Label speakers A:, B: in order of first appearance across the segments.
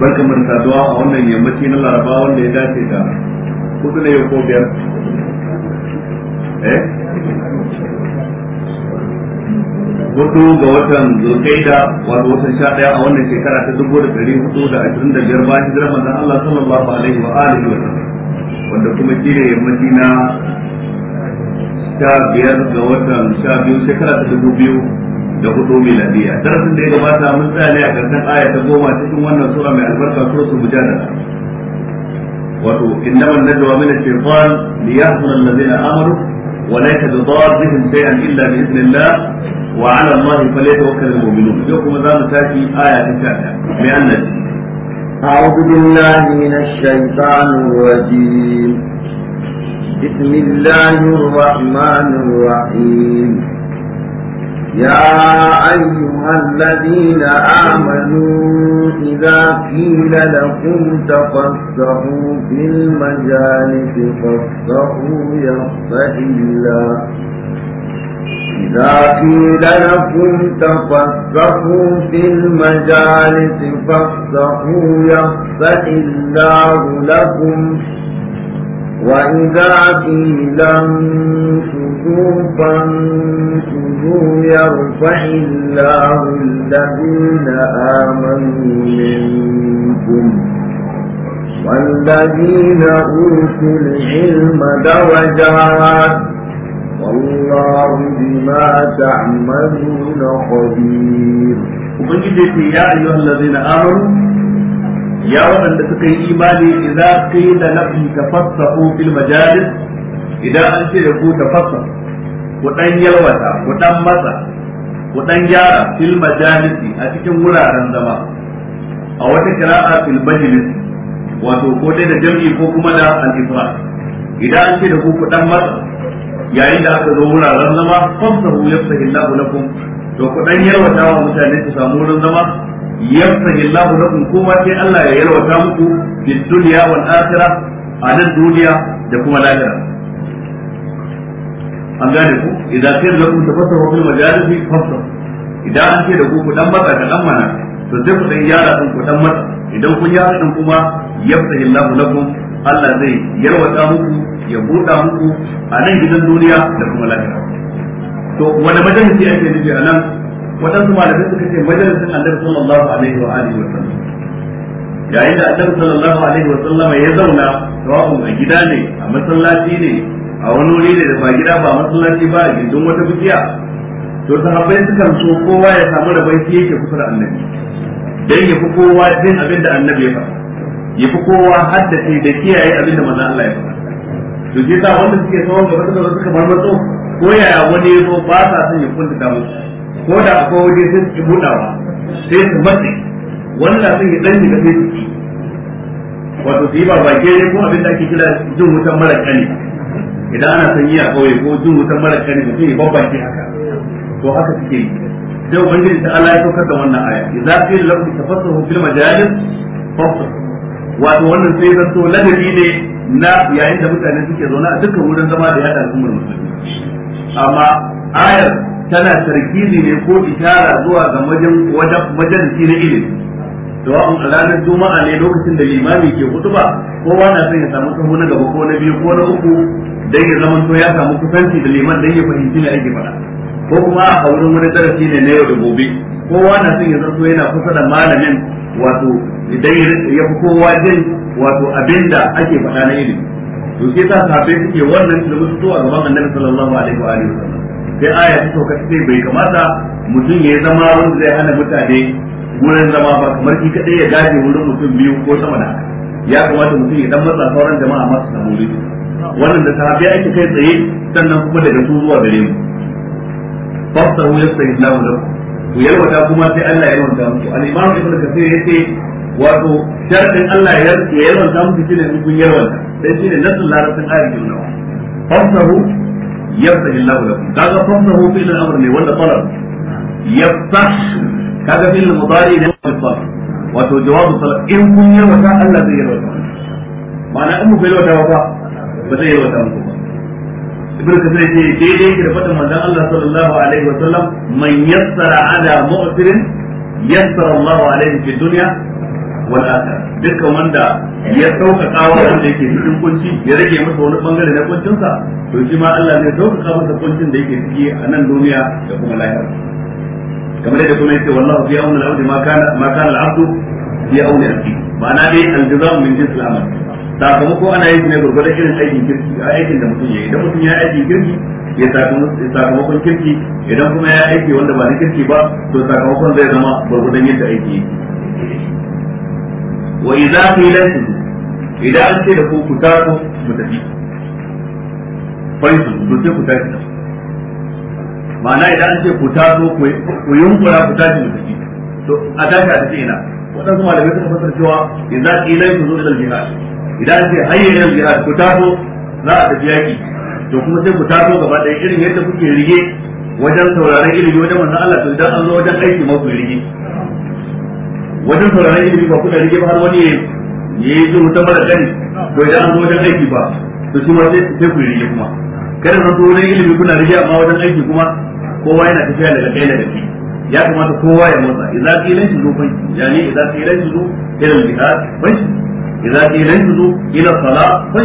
A: barkan mu da saduwa a wannan yammaci na laraba wanda ya dace da kudu ne ko biyar eh hudu ga watan zulkaida wato watan sha daya a wannan shekara ta dubu da dari hudu da ashirin da biyar bayan hijirar manzon Allah sallallahu alaihi wa alihi wa sallam wanda kuma shi ne yammaci na sha biyar ga watan sha biyu shekara ta dubu biyu da hudu miladiya darasin da ya gabata mun tsaya ne a karshen aya ta goma cikin wannan sura mai albarka sura suratul mujadala wato innama najwa min ash-shaytan li liyahzuna alladhina amaru wa la tadarrihim shay'an illa bi idhnillah wa 'ala allahi falyatawakkalul mu'minun yau kuma za mu tafi aya ta
B: 11 mai annabi أعوذ بالله من الشيطان الرجيم بسم الله الرحمن الرحيم يا أيها الذين آمنوا إذا قيل لكم تفسحوا في المجالس فافسحوا يفسح الله إذا قيل لكم تفسحوا في المجالس فافسحوا يفسح الله لكم وإذا قيل انْشُدُوا فَانْشُدُوا يرفع الله الذين آمنوا منكم والذين أوتوا العلم درجات والله بما تعملون خبير وبنجد يا أيها الذين آمنوا ya waɗanda suka yi imani idza qila lahum tafassahu
A: fil majalis idan an ce da ku ta fassa, ku dan yalwata ku dan matsa ku dan gyara fil majalisi a cikin wuraren zama a wata kira'a fil majlis wato ko dai da jam'i ko kuma da al-ifrad idan an ce da ku ku dan matsa yayin da aka zo wuraren zama famsahu yafsahu Allahu lakum to ku dan yalwata wa mutane su samu wurin zama yafsahi Allahu lakum kuma sai Allah ya yalwata muku fi dunya wal akhirah a nan duniya da kuma lahira an gane ku idan kai da kun tafassaru fil majalisi fassara idan an ce da ku ku dan matsa ka dan mana to sai ku dan yara din ku dan matsa idan ku yara din kuma yafsahi Allahu lakum Allah zai yalwata muku ya buɗa muku a nan gidan duniya da kuma lahira to wani majalisi ake nufi a nan wadansu malamai suka ce majalisin annabi sallallahu alaihi wa alihi wa sallam yayin da annabi sallallahu alaihi wa sallama ya zauna tawafin a gida ne a masallaci ne a wani wuri ne da ba gida ba masallaci ba a gindin wata bukiya to sahabbai kan so kowa ya samu da baiti yake kusa da annabi dan yafi kowa jin abin da annabi ya faɗa yafi kowa haddace da kiyaye abin da manzon Allah ya faɗa to shi sa wanda suke tsawon gaba da suka marmatso ko yaya wani ya zo ba sa son ya kunta musu ko da akwai waje sai su budawa sai su matsi wannan sun yi dan da sai su ci wato su yi ba ba gere ko abin da ake kira jin wutan mara kani idan ana sanyi a kauye ko jin wutan mara kani ba ya babban ke haka to haka suke yi sai ubangiji ta Allah ya saukar da wannan aya idza qila lakum tafassahu fil majalis fafassahu wato wannan sai zanto ladabi ne na yayin da mutane suke zaune a dukkan wurin zama da yada al'ummar musulmi amma ayar tana tarkizi ne ko ishara zuwa ga wajen wajen na ilimi to an ranar juma'a ne lokacin da limami ke hutuba kowa na son ya samu sahu na gaba ko na biyu ko na uku dan ya zama to ya samu kusanci da liman dan ya fahimci me ake faɗa ko kuma a wurin wani darasi ne na yau da gobe kowa na son ya zanto yana kusa da malamin wato idan ya fi kowa jin wato abinda ake faɗa na ilimi to sai sa sahabbai suke wannan da musu to a gaban annabi sallallahu alaihi wa alihi wasallam sai aya ta sauka ta bai kamata mutum ya zama wanda zai hana mutane wurin zama ba kamar shi kadai ya gaje wurin mutum biyu ko sama da haka ya kamata mutum ya dan matsa sauran jama'a masu samu wuri wannan da sahabi ya kai tsaye sannan kuma daga su zuwa gare mu ya yastahi Allahu lakum ku yalwata kuma sai Allah ya yalwata muku al-imam ibnu ya yace wato sharadin Allah ya yalwata muku shine in kun yalwata dan shine nasul larabtin ayatul nawa fasahu yafsah Allahu lakum kaga fasahu fil amr ne wanda talab yafsah kaga fil mudari ne wanda wato jawabu talab in kun yarwata Allah zai yarwata ma'ana in mu bai yarwata ba ba zai yarwata muku ba ibn kasir ce daidai ki da fadin manzon Allah sallallahu alaihi wa sallam man yassara ala wal akhar dukkan wanda ya sauƙaƙa wa wanda yake cikin kunci ya rage masa wani bangare na kuncin sa to shi ma Allah zai sauƙaƙa masa kuncin da yake ciki a nan duniya da kuma lahira kamar yadda kuma yake wallahu fi auni al-abdi ma kana ma kana al-abdu fi auni rabbi ma'ana dai al jazaa min jins al-amal sakamako ana yin ne gurgurdan irin aikin kirki aikin da mutum yayi idan mutum ya aikin kirki ya sakamakon kirki idan kuma ya aiki wanda ba na kirki ba to sakamakon zai zama gurgurdan yadda aiki wa idza qila idan an ce da ku ku taso mu tafi faisu ku sai ku tafi ma'ana idan an ce ku taso ku yunkura ku tafi mu tafi to a tashi a tafi ina waɗansu malamai suka fasar cewa idza qila ku zo ila jihad idan an ce hayya ila jihad ku taso za a tafi yaki to kuma sai ku taso gaba ɗaya irin yadda kuke rige wajen sauraron ilimi wajen wannan Allah to idan an zo wajen aiki ma ku rige wajen sauraron ilimi ba kuna rike ba har wani ya yi zuwa ta mara gani to idan an zo wajen aiki ba to shi ma sai ku rike kuma kada zan zo wajen ilimi kuna rike amma wajen aiki kuma kowa yana tafiya daga kai daga kai ya kamata kowa ya motsa idza qilan zo fa yani idza qilan shudu ila al-jihad fa yi qilan shudu ila idan fa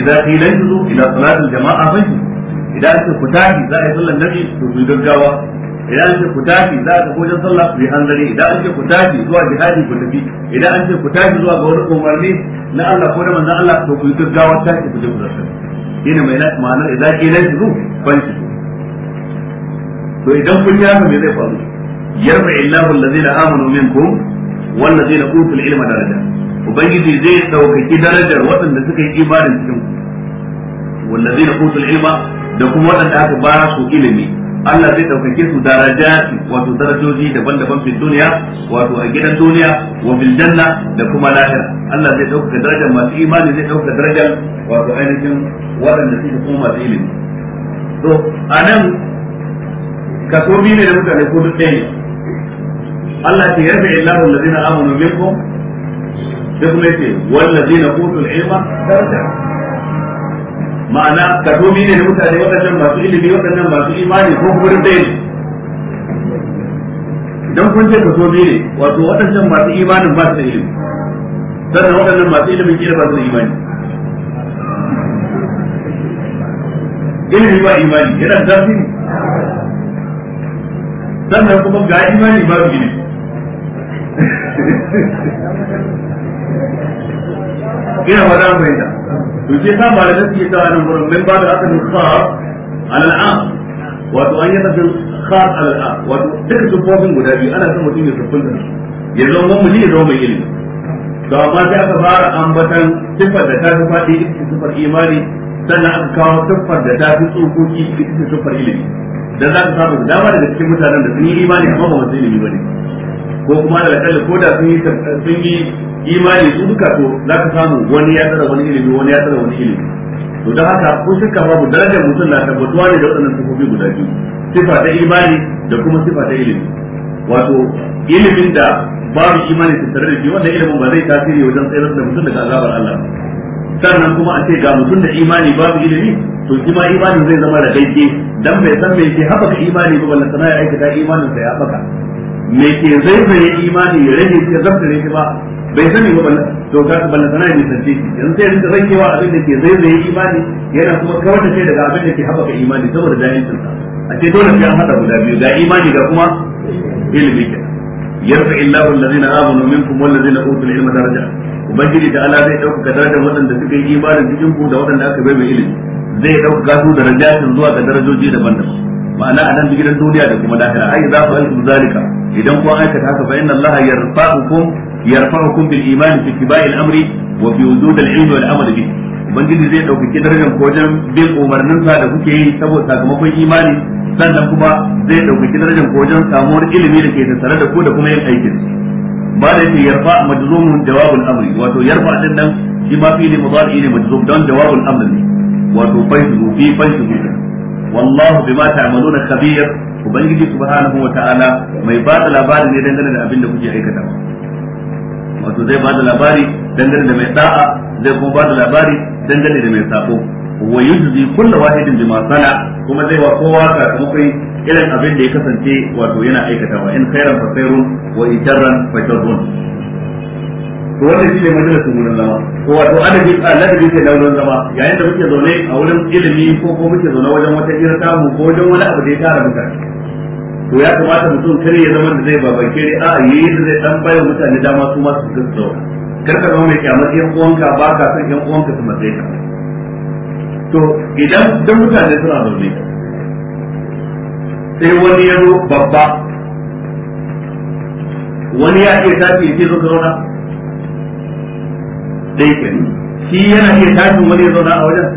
A: idza qilan zo ila salat al-jama'a fa idan ku kutaki za a yi sallar nabi to ku gaggawa idan an ce ku tafi za ka wajen sallah ku yi hanzari idan an ce ku tafi zuwa jihadi ku tafi idan an ce ku tafi zuwa ga wani umarni na Allah ko da manzon Allah to ku yi gaggawa tashi ku je ku zartar shine mai na ma'anar idan ke nan zu kwanci to idan kun yi haka me zai faru yarfa illahu allazina amanu minkum wallazina utul ilma daraja ubangiji zai daukaki darajar waɗanda suka yi imanin cikin ku wallazina utul ilma da kuma waɗanda aka ba su ilimi Allah zai daukake su daraja wato darajoji daban-daban fi duniya wato a gidan duniya wa bil janna da kuma lahira Allah zai dauka darajar masu imani zai dauka darajar wato ainihin waɗanda suke kuma masu ilimi to anan kaso biyu ne da mutane ko duk ɗaya ne Allah ce yarfa illahu allazina amanu minkum da kuma yace wallazina utul ilma daraja ma'ana ka domi ne da mutane waɗannan masu ilimi waɗannan masu imani ko kuma ɗaya ne idan kun ce ka domi ne wato waɗannan masu imanin ba su da ilimi sannan waɗannan masu ilimin kila ba su da imani ilimi ba imani yana da zafi sannan kuma ga imani ba su ilimi
C: ina ba za fahimta
A: to ta ba da nasi ta nan gurin min ba da aka nufa al'a wato an yi nufin khas al'a wato duk sufofin guda biyu ana son mutum ya da ya zama mummuni ya zama mai ilimi to amma sai aka fara ambatan sifar da ta fi faɗi ita ce sifar imani sannan aka kawo sifar da ta fi tsokoki ita ce sifar ilimi Da za ka samu dama daga cikin mutanen da sun yi imani amma ba masu ilimi ba ne ko kuma da kalli ko da sun yi sun yi imani su duka to za ka samu wani ya tsara wani ilimi wani ya tsara wani ilimi to don haka ko shirka babu darajar mutum na tabbatuwa ne da waɗannan sifofi guda biyu sifa ta imani da kuma sifa ta ilimi wato ilimin da babu imani tare da shi wannan ilimin ba zai tasiri wajen tsayar da mutum daga azabar Allah sannan kuma a ce ga mutum da imani babu ilimi to shi ma imanin zai zama da daidai dan bai san me yake haɓaka imani ba wannan sana'a aikata imanin sa ya haɓaka Mai ke zai zaizaye imani ya rage ka zabtare shi ba bai sani ba to ka ballantana ya nisanci yanzu sai rinka rakewa abin da ke zai zaizaye imani yana kuma kawar da daga abin da ke haɓaka imani saboda dayancin sa a ce dole sai an haɗa guda biyu ga imani ga kuma ilimi ke yarfa illahu allazina amanu minkum wallazina utul ilma daraja ubangiji da Allah zai dauka darajar waɗanda suka yi imanin cikin ku da waɗanda aka bai mai ilimi zai dauka su darajatin zuwa ga darajoji daban-daban ma'ana a nan gidan duniya da kuma lahira ai za fa alkum zalika idan kun aikata haka fa inna allaha yarfa'ukum yarfa'ukum bil iman fi tibai amri wa fi wujud al-ilm wal amal bi ubangiji zai dauki darajar ko wajen bin umarnin sa da kuke yi saboda sakamakon imani sannan kuma zai dauki darajar ko wajen samuwar ilimi da ke tattare da ku da kuma yin aikin ba da yake yarfa majzumun jawabul amri wato yarfa din nan shi ma fi ne mudari ne majzum don jawabul amri wato faizu fi faizu wallahu bima ta'maluna khabir ubangiji subhanahu wataala mai ba da labari ne dangane da abin da kuke aikatawa wato zai ba da labari dangane da mai da'a zai kuma ba da labari dangane da mai sako wa yujzi kullu wahidin bima sana kuma zai wa kowa sakamakon irin abin da ya kasance wato yana aikatawa in khairan fa khairun wa in sharran fa sharrun to wannan shine majalisun mun zama to wato adabi ladabi ke launin zama yayin da muke zaune a wurin ilimi ko ko muke zaune wajen wata irta mu ko wajen wani abu da ya tara mutane to ya kamata mutum kar ya zama da zai babake ne a yi da zai dan bayar mutane dama su ma su gaskiya kar ka zama mai kyamar yan uwanka ba ka san yan uwanka su matsayi ka to idan dan mutane suna zaune sai wani ya zo babba wani ya ke tafi ya ce zo ka zauna dai kenan shi yana iya tafi wani ya zauna a wajen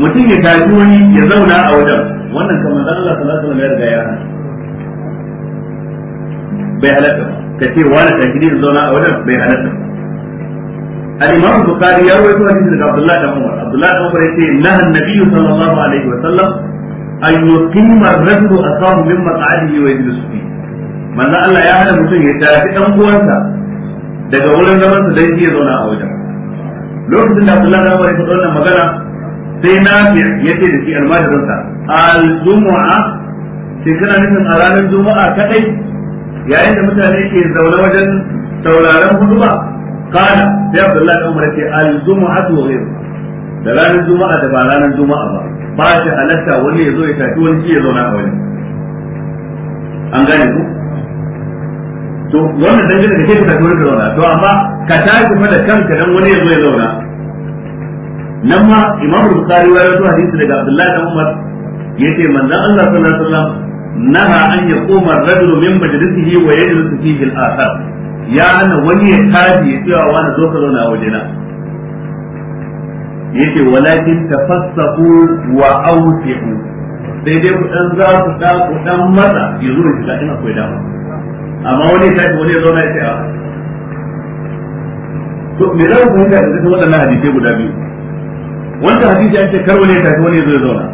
A: mutum ya tafi wani ya zauna a wajen wannan kamar zan Allah sallallahu alaihi wasallam ya riga ya bai halatta ka ce wani shahidi da zauna a wajen bai halatta al-imam bukhari ya rawaito hadisi daga abdullahi da umar abdullahi da umar yace nahi nabiyyu sallallahu alaihi wasallam an yuqima ar-rajulu asahu min maq'adihi wa yajlisu fi manna Allah ya hada mutum ya tafi dan uwansa daga wurin zaman sa dai ya zauna a wajen lokacin da Abdullahi da Umar ya faɗa wannan magana sai na yace da shi almajirinsa al-jumu'a ce kana nufin a ranar juma'a kadai yayin da mutane ke zaune wajen sauraron huduba kana sai Abdullahi Umar ce al jumua to ne da ranar juma'a da ba ranar juma'a ba ba shi halatta wani ya zo ya tafi wani ya zauna a wani an gane ku to wannan dangane da ke ka tafi wani zauna to amma ka tafi fa da kanka dan wani ya zo ya zauna nan ma imam bukhari ya rawaito hadisi daga abdullahi da umar yace manzon Allah sallallahu alaihi wasallam naha an yaquma ar-rajulu min majlisihi wa yajlisu fihi al-akhar ya ana wani ya taji ya tsaya wani zo ka zauna a wajena yace walakin tafassahu wa awsihu sai dai ku dan za ku da ku dan maza yanzu ne da ina koyi dama amma wani ya wani ya zauna ya tsaya to me za ku fahimta da wannan waɗannan hadisai guda biyu wanda hadisi ake ce kar wani ya tafi wani ya zo ya zauna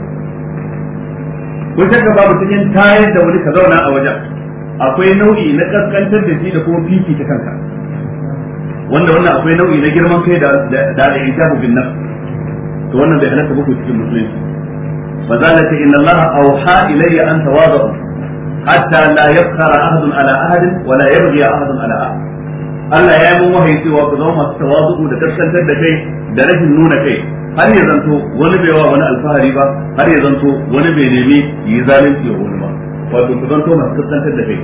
A: ko ba babu cikin tayar da wani ka zauna a wajen akwai nau'i na kaskantar da shi da kuma fifi ta kanka wanda wannan akwai nau'i na girman kai da da da ijabu ku binna. to wannan bai halatta ba ku cikin musulunci fa zalika inna allaha awha ilayya an tawadu hatta la yafkhara ahadun ala ahad wa la yabghi ahadun ala ahad Allah ya yi mun wahayi cewa ku zama masu tawazu da kaskantar da kai da rashin nuna kai har ya zanto wani bai wa wani alfahari ba har ya zanto wani bai nemi yi zalunci ya wani ba wato ku zanto masu kaskantar da kai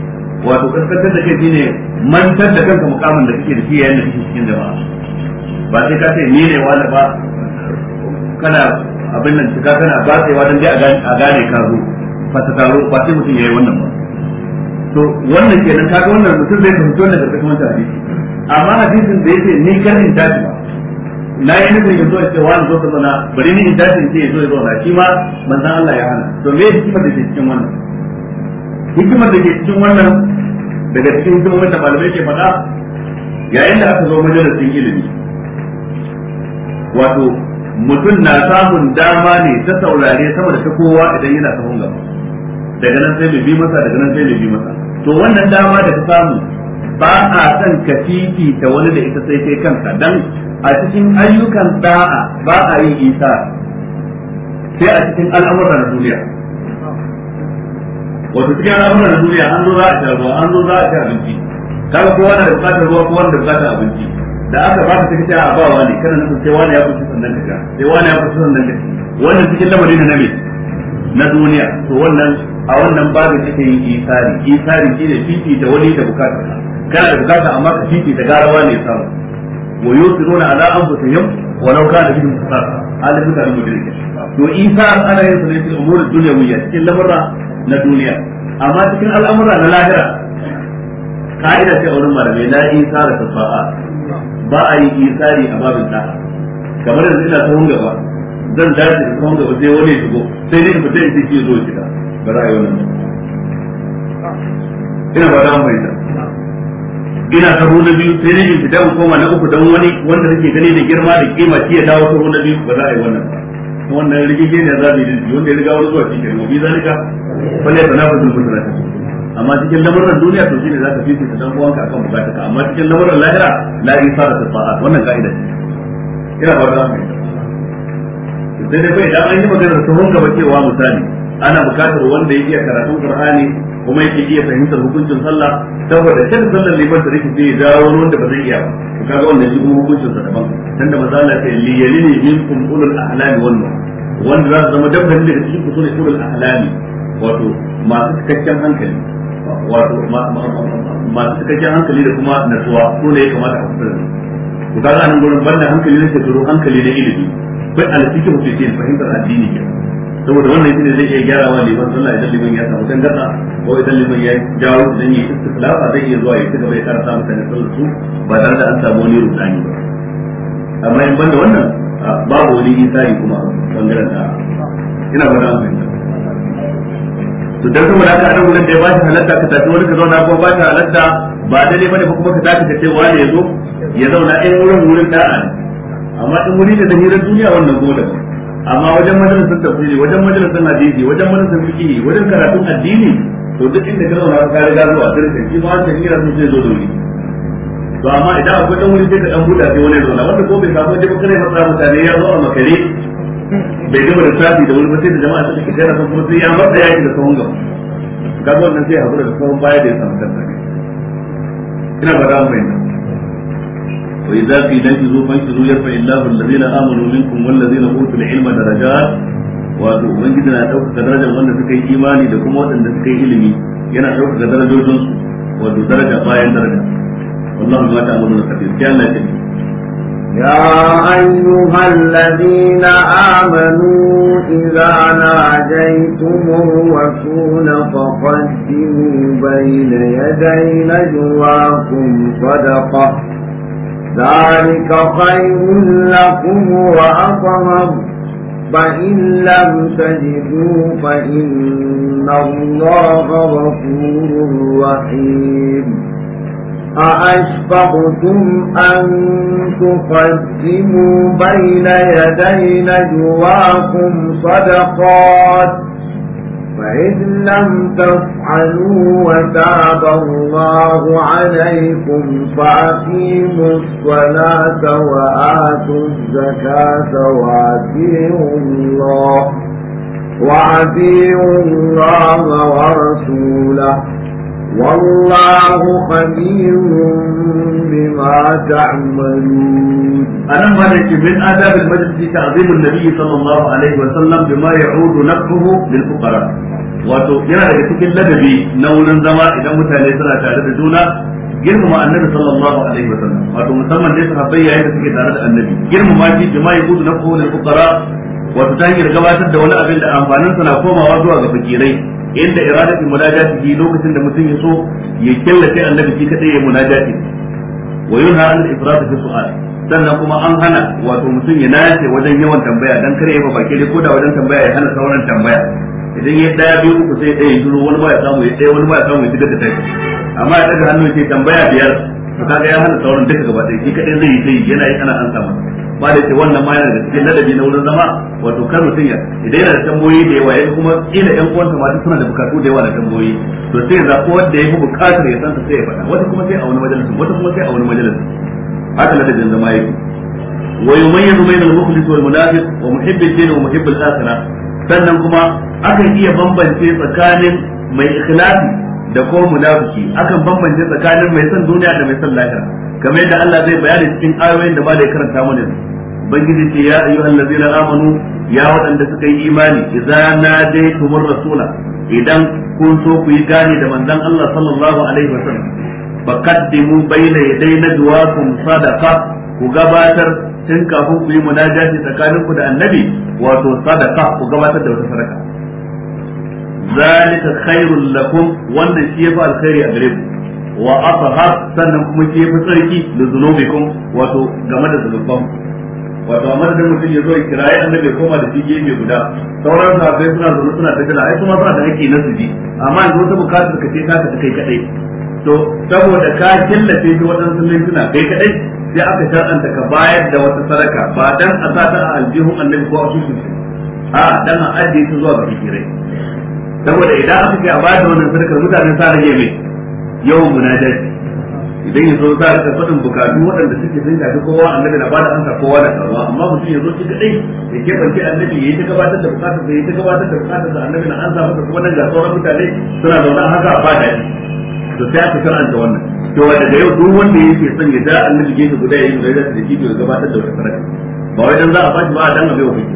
A: wato kaskantar da kai shine mantar da kanka mukamin da kake da shi yayin da kake cikin jama'a ba sai ka ce ni ne wani ba kana abin nan cika kana ba sai dan dai a gane ka zo ba ta taro ba sai mutum yayi wannan ba to wannan kenan kaga wannan mutum zai fahimci wannan daga cikin wannan hadisi amma hadisin da yake ni karin dace ba na yi nufin ya zo ya ce wani zuwa ka bari ni in tashi ce ya zo ya na shi ma manzan Allah ya hana to me hikimar da ke cikin wannan hikimar da ke cikin wannan daga cikin hikimomin da malamai ke faɗa yayin da aka zo majalisin ilimi wato mutum na samun dama ne ta saurare sama da ta kowa idan yana sahun gaba daga nan sai bi masa daga nan sai bi masa to wannan dama da ta samu ba a son ka ta wani da ita sai kai kanka dan a cikin ayyukan da'a ba a yin isa sai a cikin al'amuran na duniya wato cikin al'amuran na duniya an zo za a sha ruwa an zo za a sha abinci kaga kowa na da bukatar ruwa kowa na da bukatar abinci da aka ba take ta a bawa ne kana nufin sai wani ya kusa sannan ka sai wani ya kusa sannan ka wannan cikin lamari na me na duniya to wannan a wannan babin take yin isari isari shine fifi da wani da bukatar kana da bukatar amma ka fifi da garawa ne samu wa yusiruna ala anfusihim walau kana bihim khasara halin da mujrimin to isa ana yin sunan fil umur dunyawiyya cikin lamurra na duniya amma cikin al'amura na lahira ka'ida ce a wurin malamai la isa da tafa'a ba a yi isari a babin da'a kamar yanzu ina tsohon gaba zan dace da tsohon gaba sai wani shigo sai ba ina ba da ina sahu na biyu sai dai in fita in koma na uku dan wani wanda nake gani da girma da kima shi ya dawo sahu na biyu ba za a yi wannan ba wannan rigige ne za mu yi wanda ya riga wani zuwa cikin mu. bi zalika falle tanafusul fitrat amma cikin lamarin duniya to shine zaka fifi ta dan uwanka akan ka? amma cikin lamarin lahira la isara ta fa'a wannan ka'ida ce ina ba da mu sai dai bai da an yi magana ta hunka ba cewa misali ana bukatar wanda ya iya karatun qur'ani kuma yake iya fahimtar hukuncin sallah saboda kada sallar liman da rikici ya dawo wanda ba zai iya ba to kaga wannan shi kuma hukuncin sa daban dan da manzo Allah ya li yalini minkum ulul ahlam wannan. wanda za su zama dabban daga cikin usul ulul ahlam wato masu cikakken hankali wato masu cikakken hankali da kuma natsuwa ko ne ya kamata a kusa ku kaga nan gurin banda hankali ne ke tsoro hankali da ilimi bai alfikin fitin fahimtar addini kenan saboda wannan shine zai iya gyara wa liman sallah idan liman ya samu tangarda ko idan liman ya jawo dan yi istikhlafa zai iya zuwa ya ci gaba ya karanta mutane sallar su ba tare da an samu wani rudani ba amma in banda wannan babu wani isari kuma bangaren da ina ba da amfani to dan da aka anan wurin da ya bashi halatta ka tafi wani ka zauna ko ba shi halatta ba dai bane ba kuma ka tafi ka ce wani ya zo ya zauna ɗaya wurin wurin da'a amma in wuri da hirar duniya wannan gode amma wajen majalisin tafsiri wajen majalisar hadisi wajen majalisar fiqh wajen karatun addini to duk inda ka zauna ka riga zuwa sirrin shi ba wannan hira sun zai zo da wuri to amma idan akwai dan wuri sai ka dan buda sai wani zauna wanda ko bai samu jama'a kare masa mutane ya zo a makare bai gama da tafi da wuri ba sai da jama'a suka kira sun kuma sai ya matsa yaki da sahun gaba ga wannan sai hakura da sahun baya da ya samu tantance ina ba za mu bayyana وإذا قيل فانشزوا يرفع الله الذين آمنوا منكم والذين أوتوا العلم درجات wato ubangiji na ɗaukaka darajar wanda suka yi imani da kuma waɗanda suka yi ilimi yana ɗaukaka wato daraja bayan daraja wallahu ma ta'malu na kafir ya Allah ya
B: يا أيها الذين آمنوا إذا ناجيتم الرسول فقدموا بين يدي نجواكم صدقة ذلك خير لكم وأطهر فإن لم تجدوا فإن الله غفور رحيم أأشفقتم أن تقدموا بين يدي نجواكم صدقات فإن لم تفعلوا وتاب الله عليكم فأقيموا الصلاة وآتوا الزكاة وأطيعوا الله وأطيعوا الله ورسوله والله خبير بما تعملون أنا مالك من
A: آداب المجلس تعظيم النبي صلى الله عليه وسلم بما يعود نفعه للفقراء wato yana daga cikin ladabi na wurin zama idan mutane suna tare da juna girmama annabi sallallahu alaihi wasallam wato musamman dai sahabbai yayin da suke tare da annabi girmama shi bima yaqudu nafsuhu lil fuqara wato ta hanyar gabatar da wani abin da amfanin sa na komawa zuwa ga fakirai inda iradatu munajati bi lokacin da mutum ya so ya killace annabi shi kadai ya munajati wa yunha an ifrad fi su'al sannan kuma an hana wato mutum ya nace wajen yawan tambaya dan kare ya baki dai koda wajen tambaya ya hana sauran tambaya idan ya daya biyu uku sai ɗaya ya duro wani ba ya samu ya daya wani ba ya samu ya shiga da amma ya daga hannu ya ce tambaya biyar to kaga ya hana sauran duka gaba ɗaya shi kadai zai yi sai yana yi ana an samu ba da ce wannan ma yana da cikin ladabi na wurin zama wato kan mutum ya idan yana da tamboyi da yawa yanzu kuma ina yan uwan ma duk suna da bukatu da yawa da tamboyi to sai ya wanda ya fi bukatar ya san sai ya faɗa wata kuma sai a wani majalisin wata kuma sai a wani majalisin haka ladabin zama yake ويميز بين المخلص والمنافق wa الدين al-akhirah sannan kuma akan iya bambance tsakanin mai ikhlasi da ko munafiki akan bambance tsakanin mai son duniya da mai son lahira kamar yadda Allah zai bayani cikin ayoyin da ba da karanta mana ubangiji ce ya ayyuhal ladina amanu ya waɗanda suka yi imani idza nadaytumur rasula idan kun so ku yi gane da manzon Allah sallallahu alaihi wasallam faqaddimu bayna yaday najwaakum sadaqa ku gabatar tun kafin ku yi munajati tsakanin ku da annabi wato sadaqa ku gabatar da wata sadaka zalika khairul lakum wanda shi yafi alkhairi a gare ku wa sannan kuma ke fi tsarki da zunubikum wato game da zunubanku wato amma da mutum ya zo ya kira ya annabi koma da shi gefe guda sauran sahabbai suna zaune suna da jira ai kuma suna da hakki na su ji amma yanzu wata bukatar ka ce ta ka kai kadai to saboda ka killace shi waɗansu laifuna kai kadai sai aka shar'anta ka bayar da wata sadaka ba dan a sa ta a aljihun annabi ko a susun a dan a ajiye su zuwa ga kirai saboda idan aka ce a bayar da wannan sadakar mutanen sa rage mai yawan munajati idan yanzu za a faɗin bukatu waɗanda suke sun shafi kowa annabi na ba da ansa kowa da karuwa amma mutum ya zo shi kaɗai ya keɓance annabi ya yi ta gabatar da bukatar da ya ta gabatar da bukatar da annabi na samu da kuma nan ga sauran mutane suna zaune haka ba daɗi to sai aka ta wannan to wanda da yau duk wanda yake son ya da annabi gefe guda ya yi mu da shi ya gabatar da wata sarari ba wai dan za a bashi ba a dan abai wa kai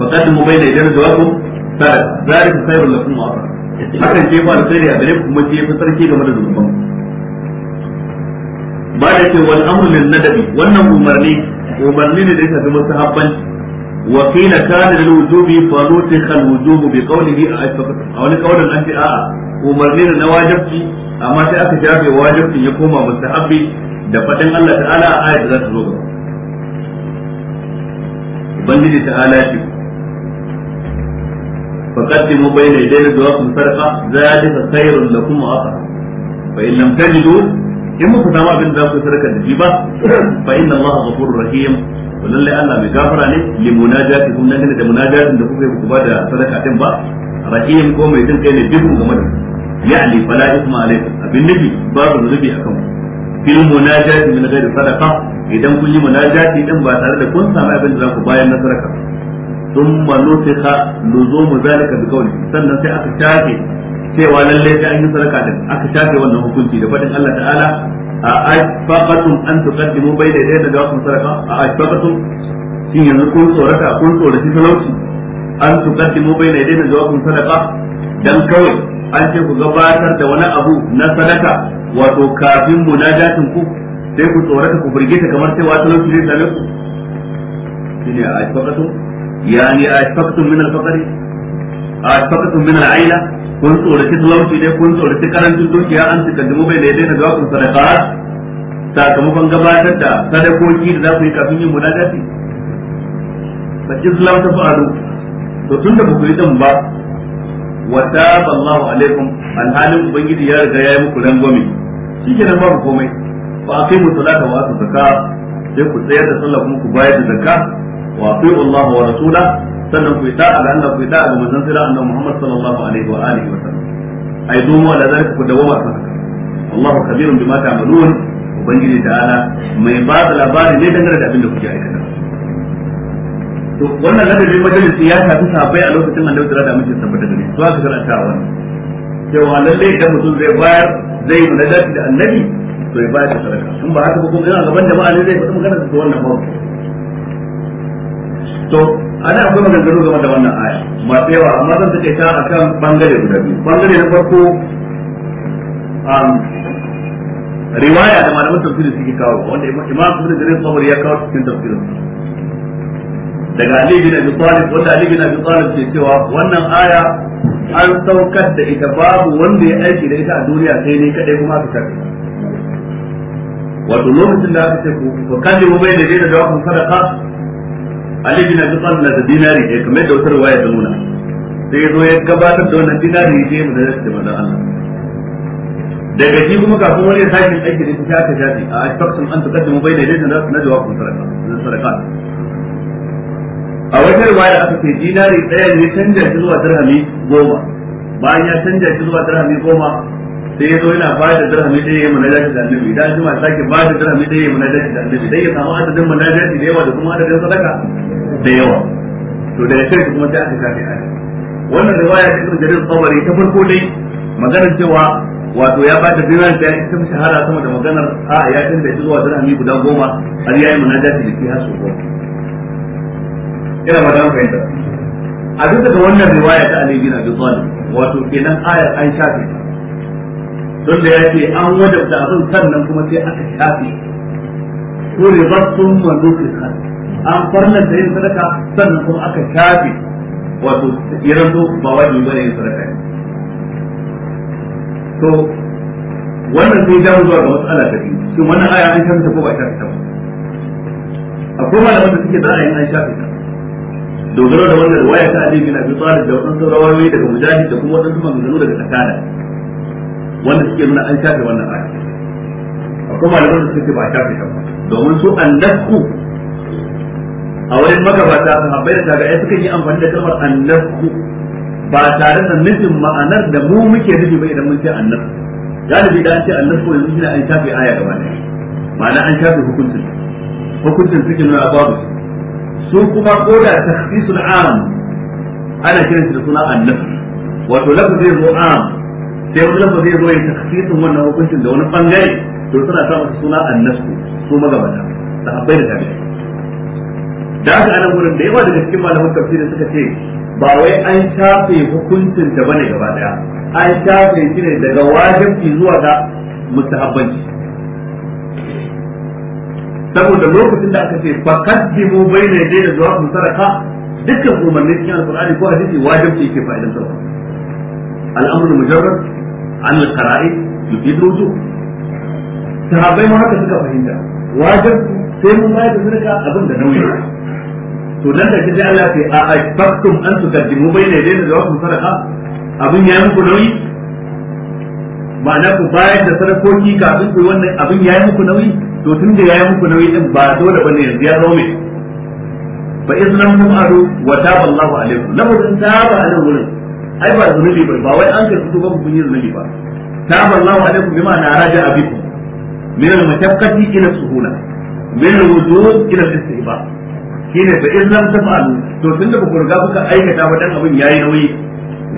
A: faqaddimu bayna yadayhi ta sadaq zalika khairul lakum wa hakan ce ba da sai da gare kuma ce fa sarki game da zunuban ba da ce wal amru lin nadabi wannan umarni umarni ne da yake ga musahabban wa qila kana lil wujubi fa nutikha al wujubu bi qawlihi a wani kaulin an ce a'a umarni ne na wajibi amma sai aka jabe wajibin ya koma mustahabbi da fadin Allah ta'ala a ayat za ta zo gaba ubangiji ta'ala ce فقدموا بين يدي دعاء فرقة ذلك خير لكم وأطهر فإن لم تجدوا in muku samu abin da za ku sadaka da shi ba fa inna Allah ghafurur rahim wallahi Allah mai gafara ne li munajatikum nan da munajatin da kuka yi ku ba da sadaka din ba rahim ko mai jin kai ne duk game da ya'ni fala isma alaikum abin nabi babu zubi akan ku fil munajati min ghairi sadaqa idan kun yi munajati din ba tare da kun samu abin da za ku bayan na sadaka thumma nutikha luzumu zalika bi qawli sannan sai aka tafi cewa lalle sai an yi sadaka da aka shafe wannan hukunci da fadin Allah ta'ala a asfaqatum an tuqaddimu bayna yadayna da wakum sadaka a asfaqatum shin yanzu kun tsorata kun tsorata talauci an tuqaddimu bayna yadayna da wakum sadaka dan kawai an ce ku gabatar da wani abu na sadaka wato kafin munajatin ku sai ku tsorata ku burgita kamar cewa talauci zai same ku shine a asfaqatum yani asfaqatum min al-faqri asfaqatum min al-aila kun tsoraci talauci ne kun tsoraci karancin dukiya an tukaddimu bai daidai na jawabin sadaka. sakamakon gabatar da sadakoki da za ku yi kafin yin ba ki zula wata fa'adu to tun da ku yi dan ba wa taba Allahu alaikum alhalin ubangiji ya riga ya yi muku rangwame shi ba babu komai Ba a kai mu salata wa atu zaka sai ku tsayar da sallah kuma ku bayar da zaka wa fi'u Allah wa rasula sannan ku yi da'a da Allah ku yi da'a ga manzon sirra annabi Muhammad sallallahu alaihi wa alihi wa sallam ai domo ala zalika ku dawama kan Allahu kabirun bima ta'malun ubangiji ta'ala mai ba da labari ne dangane da abin da kuke aikata to wannan ladabi majalisi ya shafi sahabbai a lokacin annabi sirra da muke tabbata da ne to aka karanta wannan cewa lalle idan mutum zai bayar zai mu da annabi to ya bayar da sadaka in ba haka ba kuma yana gaban jama'a ne zai faɗi magana da wannan babu to ana akwai maganganu game da wannan aya masu yawa amma zan take ta akan bangare guda biyu bangare na farko um, riwaya da malamin tafsiri suke kawo wanda imam ibn jarir sabr ya kawo cikin tafsirin daga ali bin abi talib wanda ali bin abi talib ke cewa wannan aya an saukar da ita babu wanda ya aiki da ita a duniya sai ne kadai kuma ka tafi wato lokacin da aka ce ku kalli mu bai da jira da ku sadaka Ali bin Abi Talib na da dinari ne kamar da wutar waya da nuna sai zo ya gabatar da wannan dinari ya mu da shi manzon Allah daga shi kuma kafin wani sashin aiki da ta ta jaji a asfaqtum an tuqaddimu bayna yadayna na jawabun sadaqa sadaqa a wata riwaya aka ce dinari ɗaya ne canja shi zuwa dirhami goma bayan ya canja shi zuwa dirhami goma sai ya zo yana ba da dirhami ɗaya ya munajati da annabi idan shi ma sake ba da dirhami ɗaya ya munajati da annabi dai ya samu adadin munajati da yawa da kuma adadin sadaka da yawa to daga shirka kuma sai aka shafe aya wannan riwaya ta ibn jarir tsawari ta farko dai maganar cewa wato ya bata dinar da ita ta shahara sama da maganar a ya tun da shi zuwa mi guda goma har yayi munajati da shi har su goma ina ba kai a duk da wannan riwaya ta Ali bin Abi Talib wato kenan ayar an shafe don da ya ce an wajabta abin sannan kuma sai aka shafe ko ribattun manzo kirkan an farlan da yin sadaka sannan kuma aka shafe wato irin su ba wajibi bane yin sadaka to wannan sai jawo zuwa ga matsala ta biyu shin wannan aya an shafe ta ko ba shafe ta ba akwai malaman da suke za a yi an shafe ta dogaro da wannan riwaya ta Ali bin Abi Talib da wadansu rawayoyi daga Mujahid da kuma wadansu maganganu daga Qatada wanda suke nuna an shafe wannan aya akwai malaman da suke ba shafe ta ba domin su an dakku a wurin magabata sahabbai da tabi'ai suka yi amfani da kamar annasu ba tare da nufin ma'anar da mu muke nufi ba idan mun ce annasu galibi da an ce annasu yanzu shine an shafe aya gaba ɗaya ma'ana an shafe hukuncin hukuncin suke nuna babu su kuma koda tahsisul am ana kiran shi da suna annasu wato zai zo am sai wani zai zo ya tahsisin wannan hukuncin da wani bangare to suna sa masa suna annasu su magabata sahabbai da tabi'ai da aka anan gurin da yawa daga cikin malaman da suka ce ba wai an shafe hukuncin ta bane gaba daya an shafe shi ne daga wajibi zuwa ga mutahabbanci saboda lokacin da aka ce faqaddimu bayna yaday da zuwa musaraka dukkan umarnin cikin alqur'ani ko hadisi wajibi yake fa'idan sa al'amru mujarrad an al-qara'i yufidu wujuh sahabbai ma haka suka fahimta wajibi sai mun bayar da sadaka abin da nauyi to nan da kaje Allah ya ce a ajbaktum an su tukaddimu bayna yadayna da wakum sadaqa abin ya muku nauyi ma'ana ku bayar da sadakoki kafin ku wannan abin ya muku nauyi to tun da ya muku nauyi din ba dole bane yanzu ya zo mai fa islam kum adu wa taba Allahu alaikum lafazin taba a nan wurin ai ba zunubi ba ba wai an karɓi tuba kun yi zunubi ba taba Allahu alaikum bima na raja abikum min al-mashaqqati ila suhula min al-wujud ila al-istihbab shine fa in lam tafal to tunda ba ku riga kuka aikata ba dan abin yayi nauyi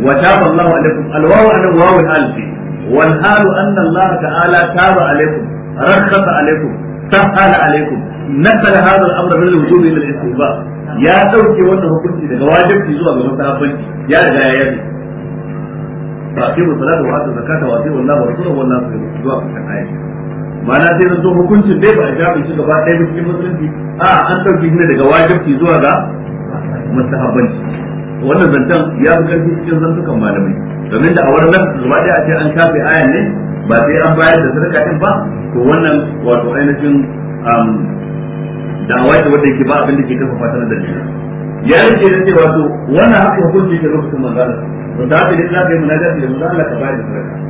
A: wa taba Allah alaikum alwawu an wawu al wal halu anna Allah ta'ala taba alaikum rakhasa alaikum sahala alaikum nakala hadha al-amr min al-wujubi ila al-istiba ya dauke wannan hukunci daga wajibi zuwa ga musabanci ya riga ya yi fa aqimu salata wa atu zakata wa atu Allah wa rasulahu wa la tusyriku zuwa mana sai na zo hukuncin dai ba a shafi shi gaba ɗaya ba cikin musulunci a an ɗauki shi ne daga wajibci zuwa ga mustahabbanci wannan zancen ya fi ƙarfi cikin zantukan malamai domin da a wani nan gaba ɗaya a ce an shafe ayan ne ba sai an bayar da sadaka din ba to wannan wato ainihin um, da'awa ce wanda yake ba abin da ke kafa fata na dalilin ya rike da cewa to wannan haka hukunci ke lokacin manzana to da haka idan za ka yi munajati da manzana ka bayar da sadaka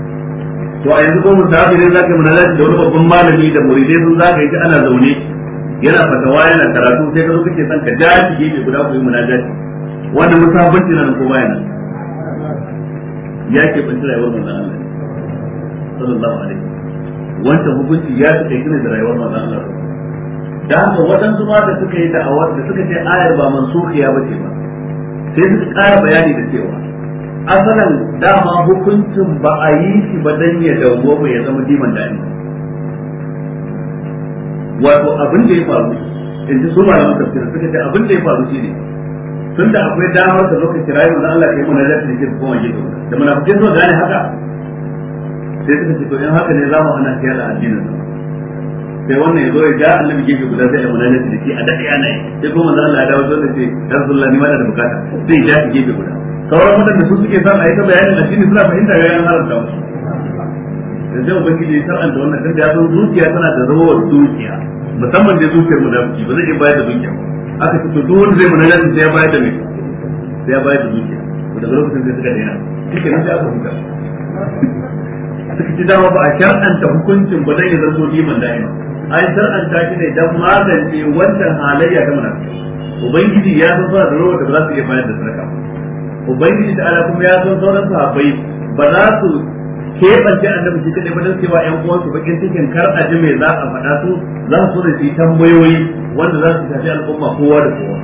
A: to a yanzu ko musafi ne zaka mun lalace da wani babban malami da muridai sun zaka yi ana zaune yana fatawa yana karatu sai ka zo kake son ka jashi gefe guda ku yi munajati wannan musabanci nan ko bayana ya ke banci rayuwar manzon Allah sallallahu alaihi wancan hukunci ya su kai da rayuwar manzon Allah da haka waɗansu ma da suka yi da'awar da suka ce ayar ba mansukiya ba ce ba sai suka ƙara bayani da cewa asalan dama hukuncin ba a yi shi ba dan ya dawo ba ya zama diman dani wato abin da ya faru in ji su malamin tafsir suka ce abin da ya faru tun da akwai damar da lokacin kira yau Allah ya yi mana da take kuma yi da munafikai zuwa gane haka sai suka ce to in haka ne za mu hana shi da addinin sai wannan ya zo ya ga annabi gefe guda sai ya munana da shi a dade ana yi sai kuma manzo Allah ya dawo zo da ce ni ma da bukata sai ya ga gefe guda sauran waɗanda su suke son a yi ta bayanin addini suna fahimta ga yan haramta wasu da zai ubangiji ya da wannan kan da ya san zuciya tana da rawar dukiya musamman da zuciyar munafiki ba zai iya bayar da dukiya aka ce duk wanda zai munafiki sai ya bayar da mai sai ya bayar da dukiya daga lokacin zai suka daina shi nan sai aka huta suka ci dama ba a shar'anta hukuncin ba zai zarto liman da'ima an shar'anta shi ne dan magance wancan halayya ta munafiki ubangiji ya san suna da rawar da ba za su iya bayar da sadaka ubangiji da ala kuma ya zo sauran sahabbai ba za su keɓance annabi shi kaɗai ba don cewa ƴan uwansu bakin cikin kar a ji mai za a faɗa su za su da shi tambayoyi wanda za su tafi al'umma kowa da kowa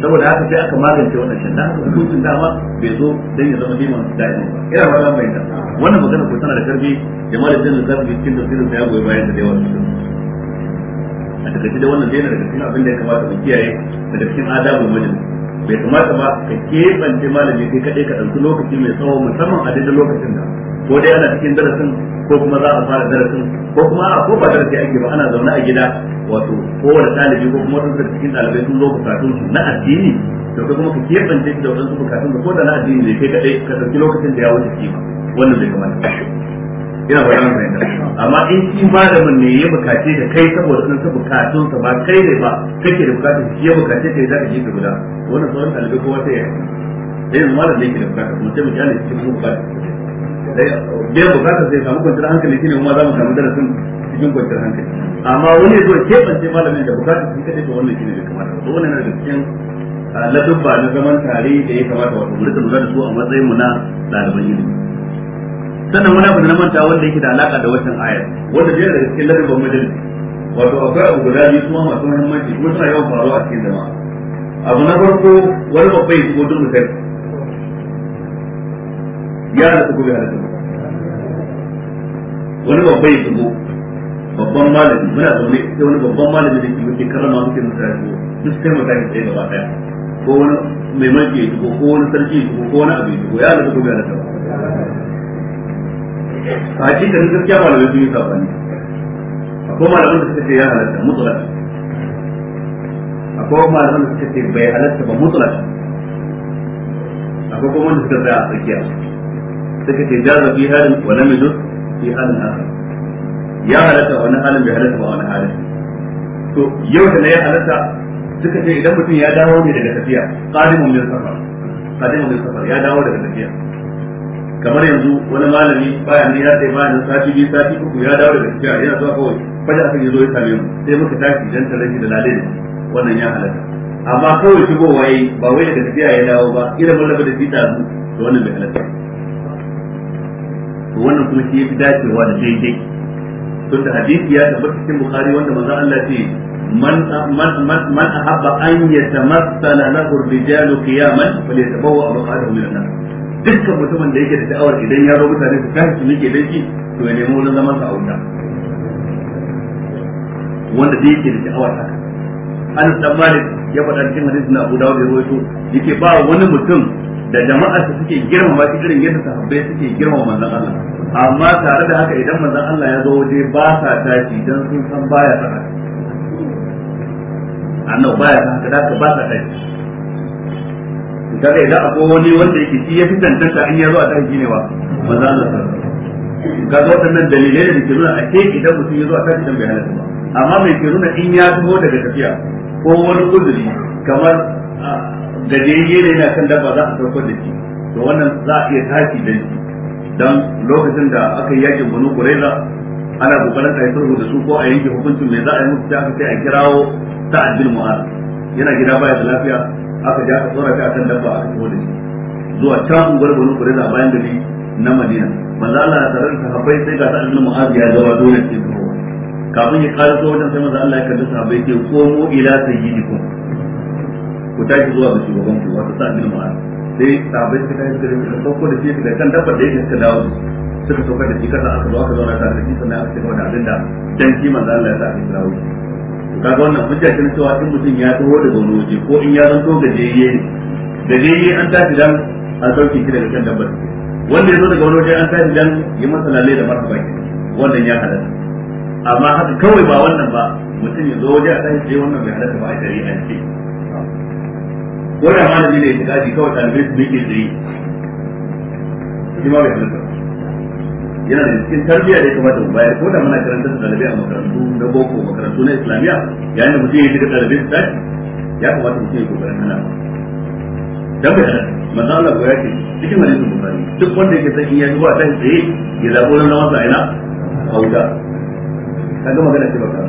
A: saboda haka sai aka magance wannan da haka hukuncin dama bai zo dan ya zama liman da'ima ba ina ba zan bayyana wannan magana ko tana da karfi jama'a da jinnin zafi cikin da ya goyi bayan da yawa a takaice da wannan daina na daga cikin abin da ya kamata mu kiyaye daga cikin adabul majlis bai kamata ba ka kebance malami kai kadai ka ɗauki lokaci mai tsawo musamman a daidai lokacin da ko dai ana cikin darasin ko kuma za a fara darasin ko kuma a ko ba darasi ake ba ana zaune a gida wato kowane ɗalibi ko kuma wasu daga cikin ɗalibai sun zo bukatun su na addini to ka kuma ka kebance shi da wasu bukatun ko da na addini ne kai kadai ka ɗauki lokacin da ya wuce kima wannan bai kamata Yana ba ran fahimta amma in shi mun ne ya bukace da kai saboda sun su bukatun sa ba kai ne ba kake da bukatun shi ya bukace kai za ka ji ka guda wannan sauran talibai kowa sai ya yi sai yanzu malamin ne yake da bukata kuma sai mu kyale shi cikin bukata ya bukata sai samu kwanciyar hankali shine kuma za mu samu darasin cikin kwanciyar hankali amma wani ya zo keɓance malamin da bukata shi kaɗai to wannan ne da kamata to wannan yana da cikin ah, ladubba na zaman tare da ya kamata wato mu rika lura da su a matsayin mu na ɗaliban ilimi sannan wani abu da na manta wanda yake da alaka da wannan ayar wanda jiya da cikin ladabin majalis wato akwai abu guda biyu kuma masu muhimmanci kuma suna yawan faruwa a cikin jama'a abu na farko wani babbai ko dun duk mutum ya da su gobe halatta wani babbai ya shigo babban malami muna zaune sai wani babban malami da ke muke karama muke na tsaya shigo duk sai mu tashi tsaye gaba daya ko wani mai mulki ya shigo ko wani sarki ya shigo ko wani abu ya shigo ya halatta ko bai halatta to hakika ne gaskiya malamai sun yi sabani akwai malaman da suka ce ya halatta mutlaq akwai malaman da suka ce bai halatta ba mutlaq akwai kuma wanda suka tsaya a tsakiya suka ce jaza fi halin wa lam yajuz fi halin akhar ya halatta wani halin bai halatta ba wani halin to yau da na ya halatta suka ce idan mutum ya dawo ne daga tafiya qadimun min safar qadimun min safar ya dawo daga tafiya kamar yanzu wani malami baya ne ya sai bayan sati biyu sati uku ya dawo daga cikin yana zuwa kawai fajar aka yi zo ya same mu sai muka tashi dan rage da lalai wannan ya halatta amma kawai shigowa yayi ba wai daga tafiya ya dawo ba irin mallaba da fita su da wannan bai halatta to wannan kuma shi yafi dacewa da daidai tun da hadisi ya tabbata cikin bukhari wanda manzo Allah ce man man man man ahabba an yatamassala lahu ar-rijalu qiyaman falyatabawwa maq'adahu min an-nar dukkan mutumin da yake da da'awar idan ya zo mutane su kashi su yake da shi to ya nemi wurin zaman sa a wuta wanda da yake da da'awar haka an tsammanin ya faɗa cikin hadisin na Abu Dawud ya rawaito yake ba wani mutum da jama'a su suke girmama shi irin yadda sahabbai suke girmama manzon Allah amma tare da haka idan manzon Allah ya zo waje ba sa tashi dan sun san baya tsaka annabi baya tsaka da ba sa tashi kaga idan akwai wani wanda yake shi ya fi tantanta in ya zo a tashi ne wa manzo Allah kaga waɗannan dalilai da ke nuna a ke idan mutum ya zo a tashi dan bai halatta ba amma mai ke nuna in ya zo daga tafiya ko wani uzuri kamar gajeye ne yana kan dabba za a farko da shi to wannan za a iya tashi da shi dan lokacin da aka yi yakin banu kuraiza ana kokarin a yi sulhu da su ko a yanke hukuncin mai za a yi musu sai aka sai a kirawo ta bin mu'az yana gida baya da lafiya aka ja aka tsora ta akan dabba aka taho da shi zuwa can gwargwaron kure da bayan gari na madina manzo Allah ya tarar haifai sai ga ta bin mu'az ya ga wato ne cikin kafin ya ƙara zuwa wajen sai manzo Allah ya kalli sahabbai ke komo ila sayyidikum ku tashi zuwa ga shugaban ku wato sa'ad bin mu'az sai sahabbai suka tashi da shi sauko da shi daga kan dabba da yake suka dawo suka sauka da shi kasa aka zo aka zauna tare da shi sannan aka ce da abin da dan shi manzo Allah ya sa aka kirawo kaga wannan hujja ce cewa in mutum ya taho da wani waje ko in ya zanto gajeye ne gajeye an tashi dan a sauke shi daga kan dabbar wanda ya zo daga wani waje an tashi dan ya masa lalle da martaba ke wannan ya halatta amma haka kawai ba wannan ba mutum ya zo waje a tashi sai wannan bai halatta ba a shari'a ce ko da malami ne ya shiga kawai talibai su bi ke tsaye shi ma bai halatta yana da cikin tarbiyya da ya kamata mu bayar ko da muna karanta da dalibai a makarantu na boko makarantu na islamiyya yayin da mutum ya shiga dalibai su tashi ya kamata mutum ya kokarin hana dan bai hana manzo Allah ko ya ce cikin hadisin bukhari duk wanda yake san in ya zuwa dan tsaye ya zabo ran lawan sa ina auda kaga magana ce baka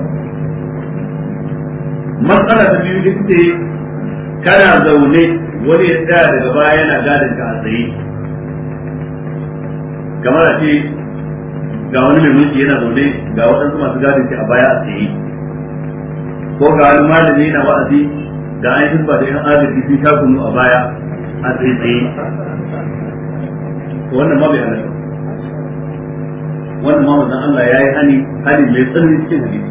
A: matsala ta biyu ita ce kana zaune wani ya tsaya daga baya yana gadin ka a tsaye kamar a ce ga wani mai mulki yana zaune ga waɗansu masu gadin shi a baya a tsaye ko ga wani malami yana wa'azi ga an yi da yan agaji sun sha kunu a baya a tsaye tsaye to wannan ma bai halatta wannan ma manzon Allah ya yi hani hani mai tsanani cikin hadisi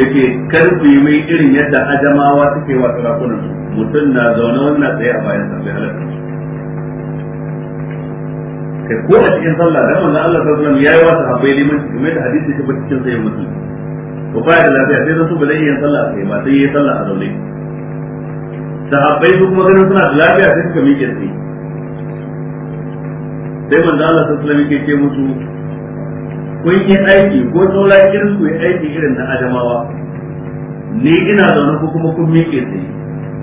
A: yake kar ku yi mai irin yadda ajamawa suke wa sarakunan mutum na zaune wannan tsaye a bayan sa bai halatta kai ko a cikin sallah dan manzon Allah sallallahu alaihi wasallam yayi wa sahabbai liman kamar da hadisi ta cikin sai mutum to ba da lafiya sai rasu bai yin sallah sai ba sai yi sallah a zaune sahabbai su kuma ganin suna da lafiya sai suka miƙe tsaye sai manzon Allah sallallahu alaihi wasallam yake ce musu kun yi aiki ko saura irin ku yi aiki irin na adamawa ni ina zaune ko kuma kun miƙe tsaye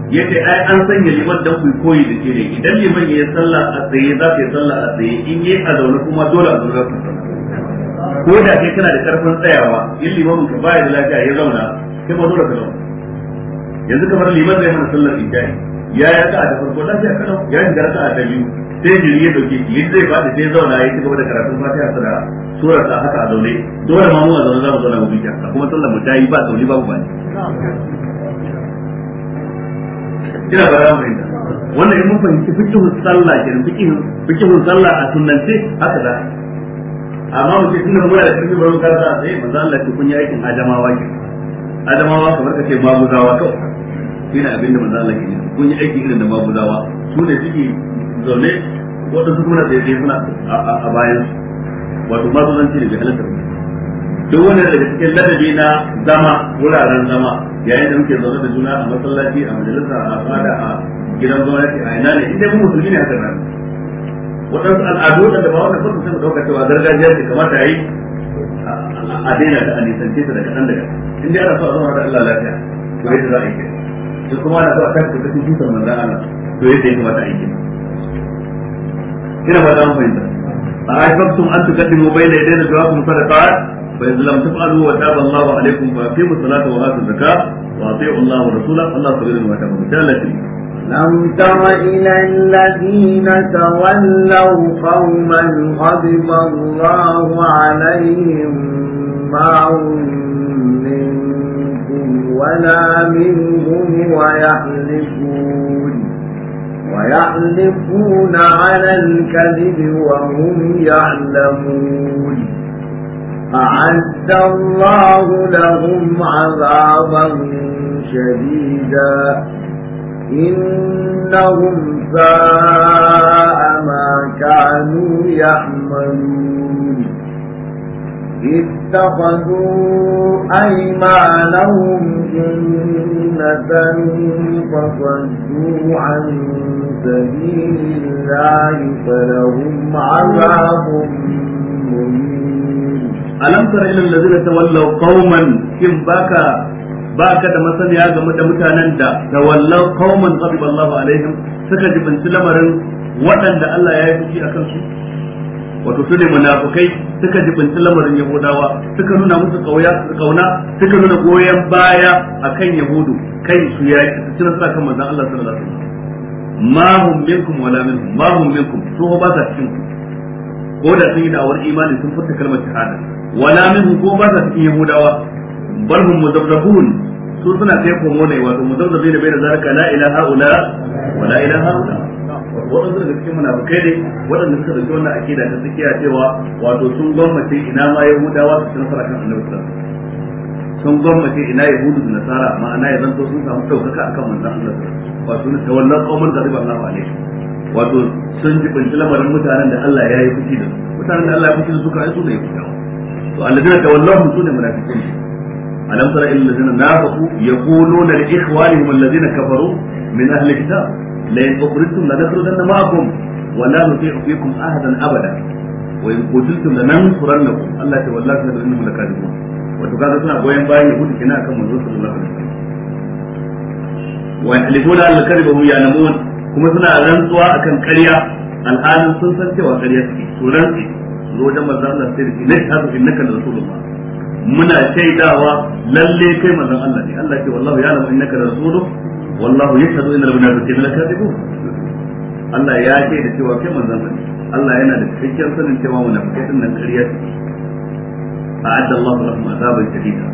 A: yace ai an sanya liman dan ku koyi da kire idan liman ya salla a tsaye za ka yi salla a tsaye in yi a zaune kuma dole a zaune ka ko da kai kana da karfin tsayawa in liman ka baya da lafiya ya zauna kai ma dole ka zauna yanzu kamar liman zai hana sallar isha'i ya ya ka da farko lafiya kana ya yi garka a da biyu sai jiri ya dauke shi yadda zai bada sai zauna ya ci gaba da karatun fatiha da sura ta haka a zaune dole ma mu a zaune za mu zauna mu bi ta kuma sallar mu ta yi ba ba mu ba
C: ina ba za mu yi wannan in mun fahimci
A: fikihun sallah ke fikihun fikihun sallah a sunnance haka za amma mu ce tunda muna da cikin barin ka za a sai manzo Allah ki kun yi aikin adamawa ke adamawa kamar kace maguzawa kawai shine abinda manzo Allah ke kun yi aiki irin da maguzawa su ne suke zaune waɗansu kuma da daidai suna a bayan wato mazuzanci da bai halatta duk wani daga cikin ladabi na zama wuraren zama yayin da muke zaune da juna a masallaci a majalisa a fada a gidan gwamnati a ina ne idan mu musulmi ne haka nan waɗansu al'adu da ba wanda kuma sun dauka cewa gargajiya ce kamata a yi a daina da alisance ta daga nan daga in dai ana so a zama da Allah lafiya to yadda za a yi da kuma ana so a tafi da cikin tutar manzan Allah to yadda ya kamata a yi ina ba za mu fahimta a haifar sun an mu bai da idan da jawabin sadaqat فإذا لم تفعلوا وتاب الله عليكم فأقيموا الصلاة وآتوا الزكاة
B: وأطيعوا الله ورسوله الله صغير وتاب مثالتي لم تر إلى الذين تولوا قوما غضب الله عليهم ما هم منكم ولا منهم ويحلفون ويحلفون على الكذب وهم يعلمون أعد الله لهم عذابا شديدا إنهم ساء ما كانوا يعملون اتخذوا أيمانهم جنة فصدوا عن سبيل الله فلهم عذاب مهين
A: alam tara ilal ladina tawallaw qauman kin baka baka da masaniya game da mutanen da tawallaw qauman ghadiba Allah alaihim suka jibinci lamarin waɗanda Allah ya yi fushi akan su wato su ne munafukai suka jibinci lamarin yahudawa suka nuna musu kauna suka nuna goyon baya akan yahudu kai su ya ci nasara kan manzon Allah sallallahu alaihi wasallam ma hum minkum wala minhum ma hum minkum su ba sa cikin ku ko da sun yi da'awar imani sun furta kalmar shahada wala minhu ko ba sa cikin yahudawa bal hum muzabzabun su suna kai komo ne wato muzabzabina bai da zalika la ilaha illa wa la ilaha illa waɗanda daga cikin munafukai ne waɗanda suka dauki wannan akida ta tsakiya cewa wato sun gwammace ina ma yahudawa su tana fara kan annabi sun gwammace ina yahudu da nasara ma'ana ya zanto sun samu ɗaukaka akan manzon Allah wato tawallan qauman zaliban Allah alaihi wato sun jibinci lamarin mutanen da Allah ya yi fushi da mutanen da Allah ya fushi da su kai su ne fushi to alladina tawallahu sune munafiqin alam tara illal ladina nafaqu yaquluna li ikhwanihim alladina kafaru min ahli kitab la in ukhrijtum la nakhrujanna ma'akum wa la nuti'u fikum ahadan abada wa in qutiltum lanansurannakum Allah tawallahu sune innahum lakadibun wato kaga suna goyen bayan yahudu kina akan manzo sallallahu alaihi wasallam wa yahlifuna al-kadhiba hum ya'lamun kuma suna rantsuwa akan ƙarya alhalin sun san cewa ƙarya suke to rantsi zo wajen manzon Allah sai da shi ne haka innaka rasulullah muna shaidawa lalle kai manzon Allah ne Allah ce wallahu ya'lamu innaka rasuluhu wallahu yashhadu innal munafiqina lakadibun Allah ya ce da cewa kai manzon Allah Allah yana da cikakken sanin cewa munafikai din nan ƙarya suke a'adda Allah lahum azaban shadida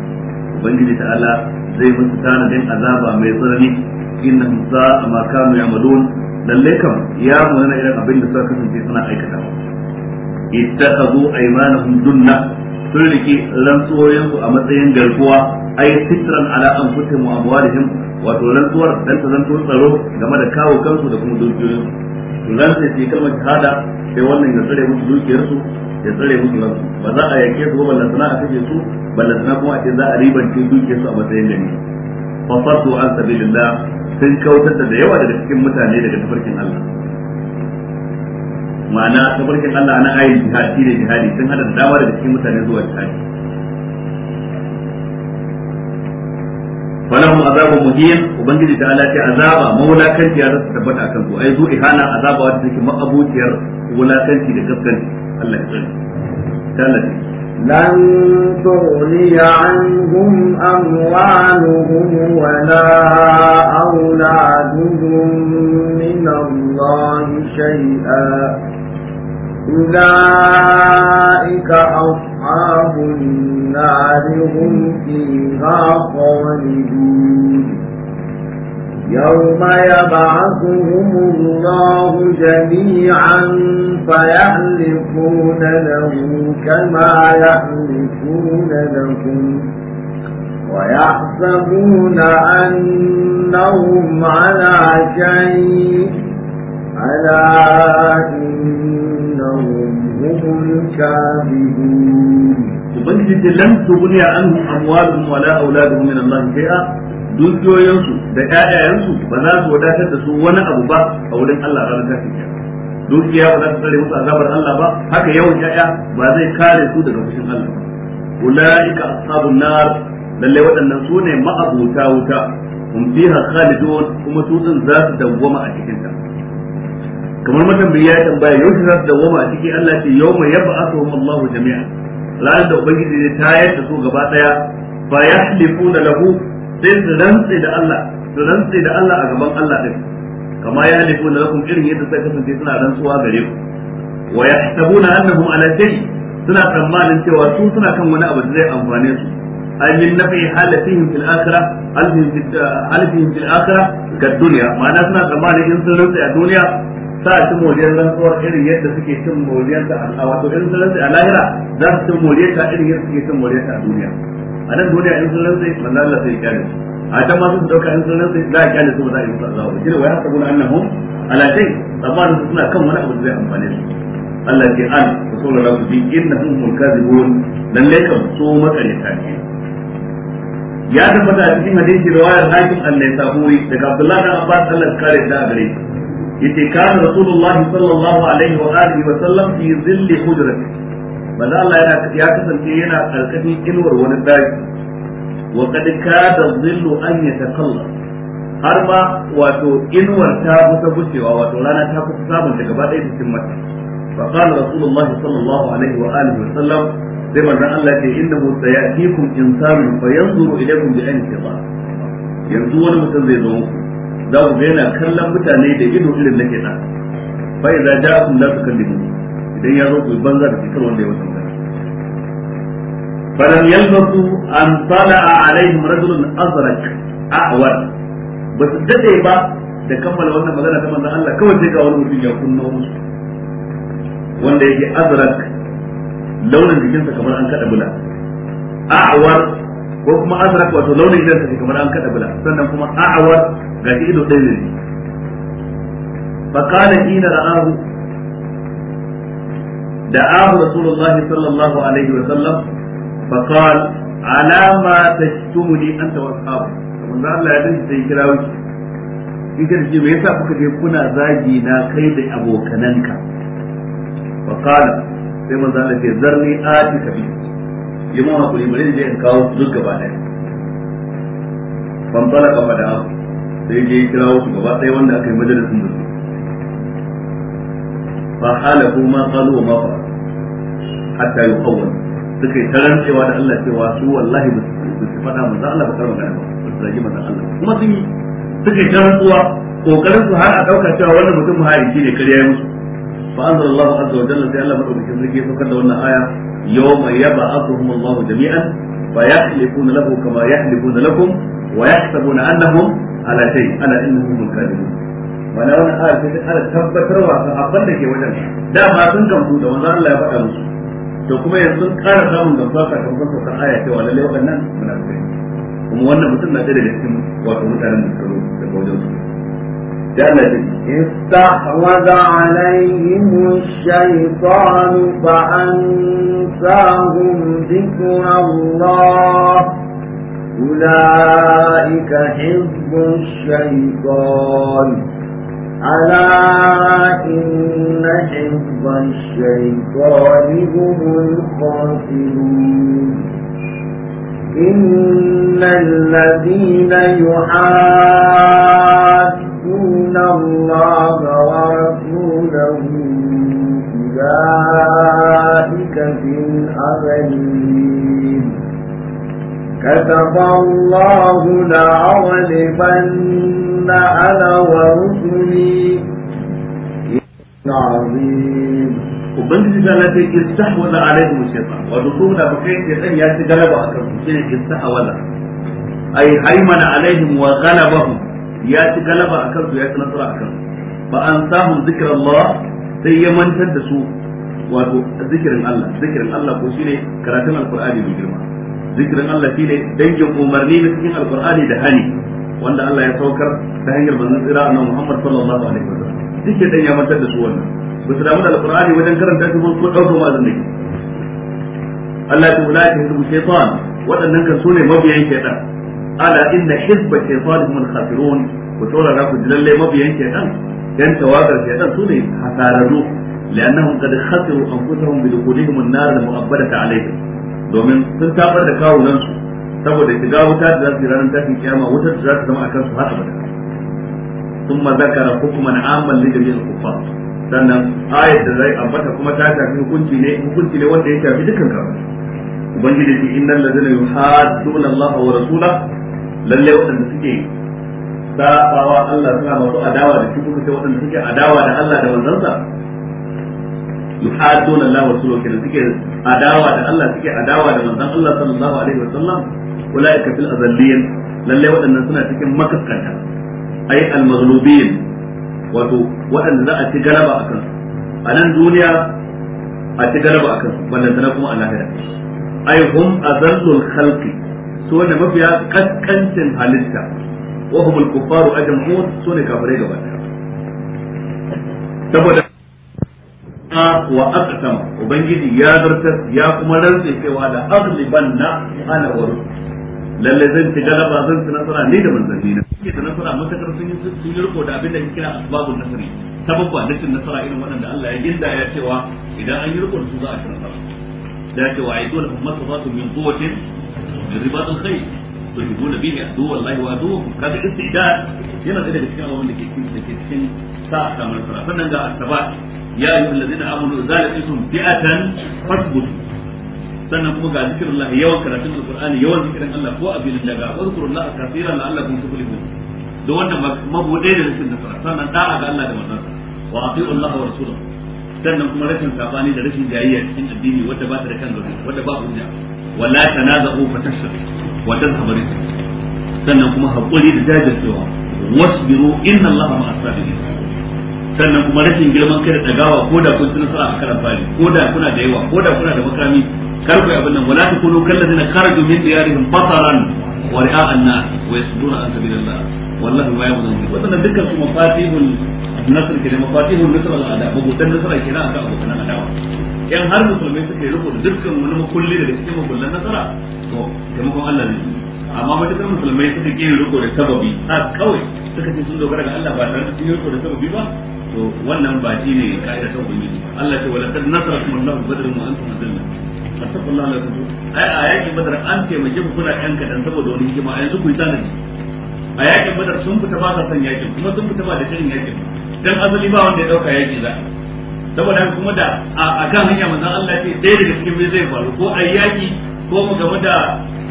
A: ubangiji ta'ala zai musu tanadin azaba mai tsanani innahum sa'a ma kanu ya'malun lalle kam ya munana irin abin da suka kasance suna aikata ittakhadhu aymanahum dunna sun rike su a matsayin garkuwa ay sitran ala anfusihim wa amwalihim wato rantsuwar dan ta zanto tsaro game da kawo kansu da kuma dukiyoyin to ran sai ke kalmar hada sai wannan ya tsare musu dukiyarsu ya tsare musu ransu ba za a yake su ba ballan sana'a kake su ba sana'a kuma a ce za a ribance dukiyarsu a matsayin gani fa saddu an sabilillah sun kautar da yawa daga cikin mutane daga tafarkin Allah ma'ana tafarkin Allah na ayin jihad shi ne jihadi sun hada da dama daga cikin mutane zuwa jihadi falahum azabu muhin ubangiji ta Allah ce azaba mawlakanci ya rasa tabbata akan su ai zu ihana azaba wata take ma'abuciyar wulakanci da gaskanci Allah ya tsare
B: لن تغني عنهم أموالهم ولا أولادهم من الله شيئا أولئك أصحاب النار هم فيها خالدون يوم يبعثهم الله جميعا فيحلفون له كما يحلفون لكم ويحسبون أنهم على شيء ألا إنهم هم الكاذبون وبنجد لم تغني عنهم أموالهم ولا أولادهم من الله شيئا
A: دون ينسو da ƴaƴayensu ba za su wadatar da su wani abu ba a wurin Allah ranar tashin kiyama dukiya ba za ta tsare musu azabar Allah ba haka yawan ƴaƴa ba zai kare su daga fushin Allah ulaika ashabun nar lalle waɗannan su ne ma'abuta wuta hum fiha khalidun kuma su din za su dawwama a cikin ta kamar matambayi ya tambaya yau za su dawwama a ciki Allah ce yawma yab'athuhum Allahu jami'a ranar da ubangiji ne tayar da su gaba daya fa yahlifuna lahu sai su rantse da Allah su rantse da Allah a gaban Allah din kama ya nufi na lakum irin yadda suka kasance suna rantsuwa gare ku wa yahsabuna annahum ala shay suna tsammanin cewa su suna kan wani abu da zai amfane su ay min nafi halatihim fil akhirah alfihim fil akhirah ga duniya ma'ana suna tsammanin in sun rantse a duniya sa su moriyar rantsuwar irin yadda suke cin moriyar ta a wato irin sun rantse a lahira za su cin moriyar ta irin yadda suke cin moriyar ta a duniya a nan duniya in sun rantse manzo Allah sai ya kare su a can ma sun dauka in sunan sai za a kyale su ba za a yi musu azawa shi ne wa yasabuna annahum ala shay tsammanin su suna kan wani abu da zai amfane su Allah ke an ku saurara ku ji innahum mulkazibun lalle kam so makarita ne ya tabbata a cikin hadisi riwayar hakim al-Naisaburi daga Abdullahi bin Abbas Allah ya kare da gare shi yace kana rasulullahi sallallahu alaihi wa alihi wa sallam fi zilli hujrati manzo Allah ya kasance yana karkashin inuwar wani daki wa kad kada zillu an yatakalla har ma wato inuwar ta kusa gushewa wato rana ta kusa daga gaba ɗaya cikin mata fa qala rasulullah sallallahu alaihi wa alihi wa sallam sai manzon Allah ce innahu sayatikum insanu fa yanzuru ilaykum bi ayni ba yanzu wani mutum zai zo muku za ku ga yana kallon mutane da ido irin nake da fa idza ja'akum la tukallimu idan ya zo ku banza da cikin wanda ya wata فلم يلبثوا أن طلع عليهم رجل أزرق أعور بس دade ba da kammala wannan magana ta manzon Allah kawai sai ga wani mutum ya kunno musu wanda yake azrak launin jikinsa kamar an kada bula a'war ko kuma azrak wato launin jikinsa kamar an kada bula sannan kuma a'war ga ido ɗaya ne fa qala ina ra'ahu da'ahu rasulullahi sallallahu alaihi wa sallam فقال على ما تشتمني أنت وأصحابك ومن الله يدري سيكراوي ita da shi me yasa kuka je kuna zagi na kai da abokananka fa qala sai manzo Allah ce zarni ati kabi yamma hakuri bare je in kawo su duk gaba daya ban bala da abu. sai je kira su gaba sai wanda aka yi majalisin da su fa hala kuma qalu ma fa hatta yuqawwa suka yi cewa da Allah cewa su wallahi ba su faɗa manzo Allah ba karɓa gana ba su zagi manzo Allah kuma sun yi suka yi tarantuwa kokarin su har a ɗauka cewa wannan mutum muhaici ne kariya ya musu fa anzalallahu azza wa jalla sai Allah madaukakin sarki ya saukar da wannan aya yawma yab'athuhum Allah jami'an fa yahlifuna lahu kama yahlifuna lakum wa yahsabuna annahum ala shay ala innahum kadhibun wala wannan aya ce ta tabbatarwa sahabban da ke wajen da ma sun gamsu da wannan Allah ya faɗa musu to kuma yanzu kara samun da gamsuwa sakamakon saukar aya cewa lallai waɗannan muna kai kuma wannan mutum na ɗaya daga cikin wato mutanen musulmi da su suka daga wajen su
B: استحوذ عليهم الشيطان فأنساهم ذكر الله أولئك حزب الشيطان ألا إن حفظ الشيطان هم الخاسرون إن الذين يحادون الله ورسوله أولئك في الأبدين كتب الله لأغلبن أنا ورسلي عظيم ubangiji ta lafi istahwala alaihim shaytan wato
A: su da bakai shaytan ya ci galaba a kan su ne istahwala ai haimana alaihim wa ghalabahum ya ci galaba a kan su ya ci nasara a kan an samu sai ya mantar da su wato zikirin Allah zikirin Allah ko shine karatun alqur'ani mai girma zikirin Allah shine dangin umarni na cikin alqur'ani da hani wanda Allah ya saukar ta hanyar manzon tsira annabi Muhammad sallallahu alaihi wasallam dike dan ya mantar da su wannan ba su damu da alqur'ani wajen karanta shi ko daukar ma'azin ne Allah ta ulati hizbu shaytan waɗannan kan sune mabiyan shaytan ala inna hizba shaytan hum al-khasirun ku tsora ku lalle mabiyan shaytan dan tawagar shaytan sune hasararru لأنهم قد خسروا أنفسهم بدخولهم النار المؤبدة عليهم domin sun tabar da kawunan su. saboda shiga wuta da za su yi ranar tashin kiyama wutar da za ta zama a kansu har abada ثم ذكر حكما عاما لجميع الكفار sannan ayat da zai ambata kuma ta shafi hukunci ne hukunci ne wanda ya shafi dukkan kafir ubangiji ce innal ladzina yuhadduna Allah wa rasula lalle wadanda suke sabawa Allah suna masu adawa da shi kuka ce wadanda suke adawa da Allah da manzansa yuhadduna Allah wa rasuluhu kenan suke adawa da Allah suke adawa da manzon Allah sallallahu alaihi wasallam ulaika fil azalliyin lalle waɗannan suna cikin makaskanta ay al maghlubin wato waɗanda za ci galaba akan su a nan duniya a ci galaba akan su wannan tana kuma a lahira hum azallul khalqi su ne mafiya kaskancin halitta wa humul kuffaru ajmaun su ne saboda wa aqtam ubangiji ya zartar ya kuma rantsa cewa da aghlibanna ana waru lalle zan ci galaba zan ci nasara ni da manzanni na suke ta nasara matakar sun yi sun yi riko da abin da ake kira asbabun nasari sababba na cin nasara irin waɗanda Allah ya ginda ya cewa idan an yi riko su za a ci nasara da cewa wa aidu lahum sabatu min quwwatin ribatul khayr tuhibuna bihi adu wallahi wa adu kaga istidad yana da cikin abin da ke cikin da ke cikin sa kamar sara sannan ga asbab ya ayyuhal ladzina amanu idza laqitum fi'atan fasbutu sannan kuma ga zikirin Allah yawan karatun Al-Qur'ani yawan zikirin Allah ko abin da ga Allah kaseeran la'allakum tuflihun da wannan mabudai da rashin nasara sannan da'a ga Allah da manzansa wa ati'u Allah wa rasulahu sannan kuma rashin sabani da rashin jayayya cikin addini wanda ba ta da kan gaba wanda ba hujja wala fa fatashru wa tazhabu rizq sannan kuma hakuri da jajircewa wasbiru inna Allah ma'as sabirin sannan kuma rashin girman kai da dagawa ko da kun tuna sa'a karan fari ko da kuna da yawa ko da kuna da makami kar ku abin nan wala takunu kallazina kharaju min diyarihim basaran wa ri'a an-nas wa yasduna an sabilillah wallahi ma yamun min wannan dukkan su mafatihul nasr ke mafatihul nasr al-ada mabutan nasr ke na aka abokan adawa yan har musulmai suka yi rubuta dukkan wani makulli da cikin makullan nasara to taimakon Allah ne amma matakar musulmai suka ke riko da sababi a kawai suka ce sun dogara ga Allah ba tare da sun yi riko da sababi ba to wannan ba shi ne kaida ta ubangiji Allah ce wala kad nasarakum Allahu badrin wa antum adilla fattaqullaha la tuzu ai a yakin badar an taimake ku kuna yan kadan saboda wani hikima yanzu ku yi tanadi a yakin badar sun fita ba sa san yakin kuma sun fita ba da shirin yakin dan azali ba wanda ya dauka yaki za saboda kuma da a kan hanya manzon Allah ce dai daga cikin me zai faru ko ayyaki ko mu game da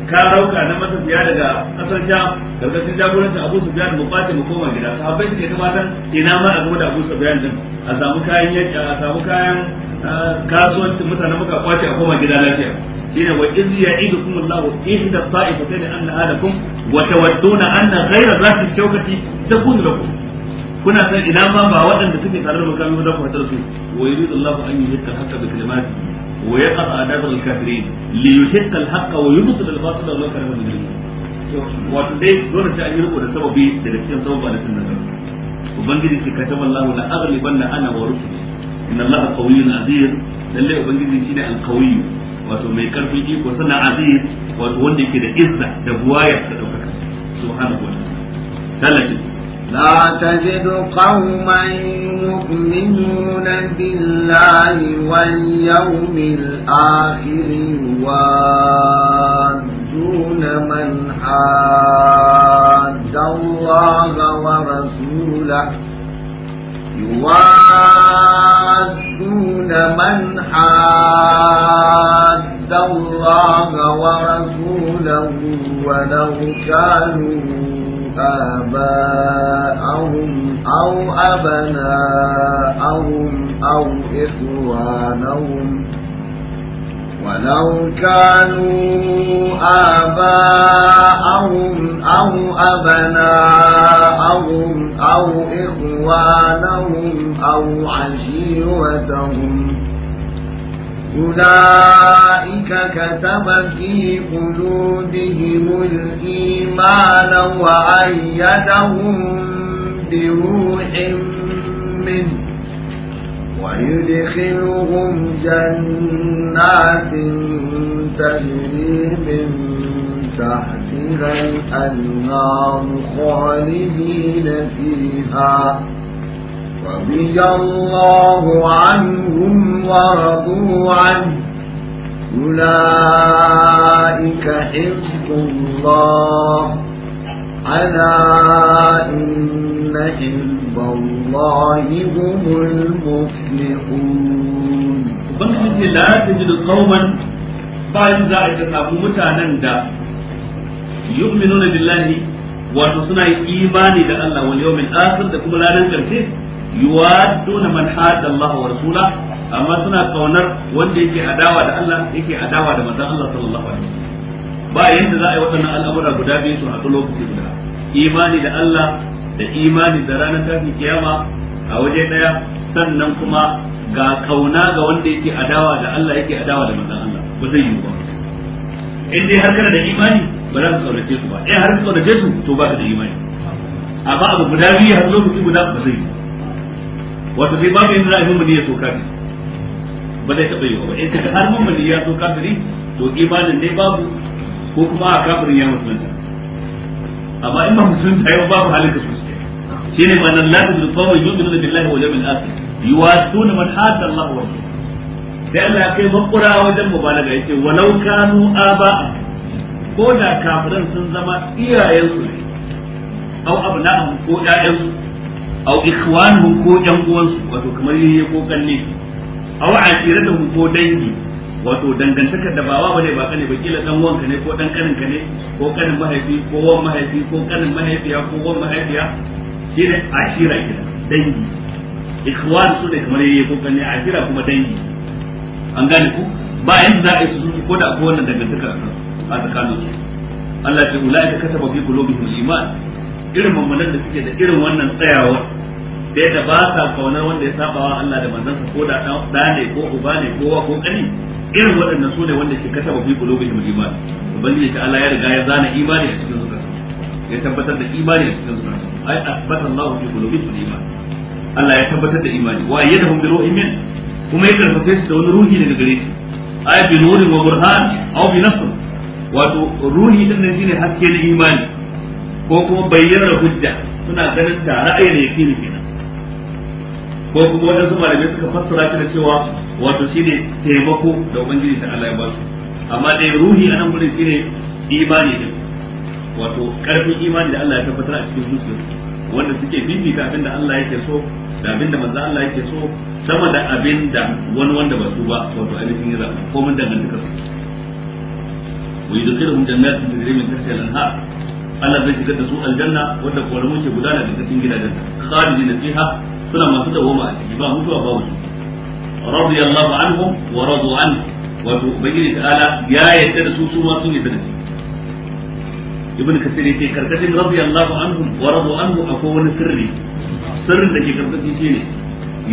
A: ka dauka na biya daga kasar daga cikin jagorancin abu biya mu kwace mu koma gida sahabbai ke kamata ina ma a gaba da abu sufyan din a samu kayan yadda a samu kayan kasuwancin mutane muka kwace a koma gida lafiya ne wa iz ya'idukum Allah ihda ta'ifatayn anna halakum wa tawadduna anna ghayra zati shawkati da lakum kuna san ina ma ba waɗanda suke tare da mukamin da ku hatar su wa yuridu Allah an yuhitta haka bi kalimatihi ويقطع دابر الكافرين ليشق الحق ويبطل الباطل ولو كان من wato dai dole sai an yi riko da sababi cikin sababa da sunna ubangiji shi ka Allah la aghlibanna ana wa rusuli inna Allah qawiyyun aziz lalle ubangiji shine al wato mai karfin iko sana aziz wato wanda yake da izza da buwaya da daukaka subhanahu wa
B: ta'ala لا تجد قوما يؤمنون بالله واليوم الآخر يوادون من حاد الله ورسوله يوادون من حاد الله ورسوله ولو كانوا آباءهم أو أبناءهم أو إخوانهم ولو كانوا آباءهم أو أبناءهم أو إخوانهم أو عشيرتهم أولئك أولئك كتب في قلوبهم الإيمان وأيدهم بروح منه ويدخلهم جنات تجري من تحتها الأنهار خالدين فيها رضي الله عنهم ورضوا عنه أولئك حزب الله ألا إن حزب الله هم المفلحون ubangiji la tajidu qauman
A: bayan za a samu mutanen da yu'minuna billahi wato suna yi imani da Allah wal yawmil akhir da kuma ranar karshe yuwadduna man hada Allah wa amma suna kaunar wanda yake adawa da Allah yake adawa da manzon Allah sallallahu alaihi wasallam ba yanda za a yi waɗannan al'amura guda biyu su haɗu lokaci guda imani da Allah da imani da ranar tafi kiyama a waje ɗaya sannan kuma ga kauna ga wanda yake adawa da Allah yake adawa da manzon Allah ba zai yi ba in dai har kana da imani ba za ka saurace su ba in har ka saurace su to ba ka da imani amma abu guda biyu har lokaci guda ba zai yi wato sai babu yanda za a yi mun ya so kafin ba zai taɓa yiwa ba in kaga har mun ya zo kafiri to imanin ne babu ko kuma a kafirin ya musulunta amma in ba musulunta yau babu halin ka sosai shi ne ma'anar lafi da tsawon yuzu da billahi wajen min asir yiwasu na manhajar Allah wa sai Allah ya kai makura wajen mubalaga yake walau kanu aba ko da kafirin sun zama iyayensu ne au abna'ahum ko ƴaƴansu au ikhwanuhum ko ƴan uwansu wato kamar yayye ko kanne aw ashiratuhum ko dangi wato dangantakar da bawa bane ba kane ba kila dan wanka ne ko dan kanin ka ne ko kanin mahaifi ko wan mahaifi ko kanin mahaifiya ko wan mahaifiya shine ashira kida dangi ikhwan su ne kamar yayi ko kanin ashira kuma dangi an gane ku ba yanda za a yi su ko da ko wannan dangantaka a tsakanin su Allah ya ce ulaika kasaba fi qulubihim iman irin mamman da suke da irin wannan tsayawa da yadda ba sa kaunar wanda ya saba wa Allah da manzansa ko da da ne ko uba ne ko wa ko kani irin waɗannan su ne wanda ke kasaba fi qulubihim iman ubangiji ta Allah ya riga ya zana imani a cikin zuciyarsu ya tabbatar da imani a cikin zuciyarsu ai asbata Allah fi qulubihim iman Allah ya tabbatar da imani wa hum bi ruhin min kuma ya karfafe su da wani ruhi daga gare shi ai bi nurin wa burhan aw bi nasr wato ruhi din nan shine haske na imani ko kuma bayyana hujja suna ganin ta ra'ayi da yake ne ko kuma waɗansu malamai suka fassara shi da cewa wato shine taimako da ubangiji sai Allah ya ba su amma dai ruhi a nan gurin shine imani ne wato karfin imani da Allah ya tabbatar a cikin zuciya wanda suke bibita abinda Allah yake so da abinda manzo Allah yake so sama da abinda wani wanda ba su ba wato a cikin yara ko mun ka su wa yudkhiluhum jannatin da min mintar al lanha Allah zai shigar da su aljanna wanda mun ke gudana da cikin gidajen khalidina fiha suna masu dawoma a ciki ba mutuwa ba mutu radiyallahu anhum wa radu an wato ubangiji ala ya yarda da su su ma sun yarda da shi ibn kasir yake karkashin radiyallahu anhum wa radu anhu akwai wani sirri sirrin da ke karkashin shi ne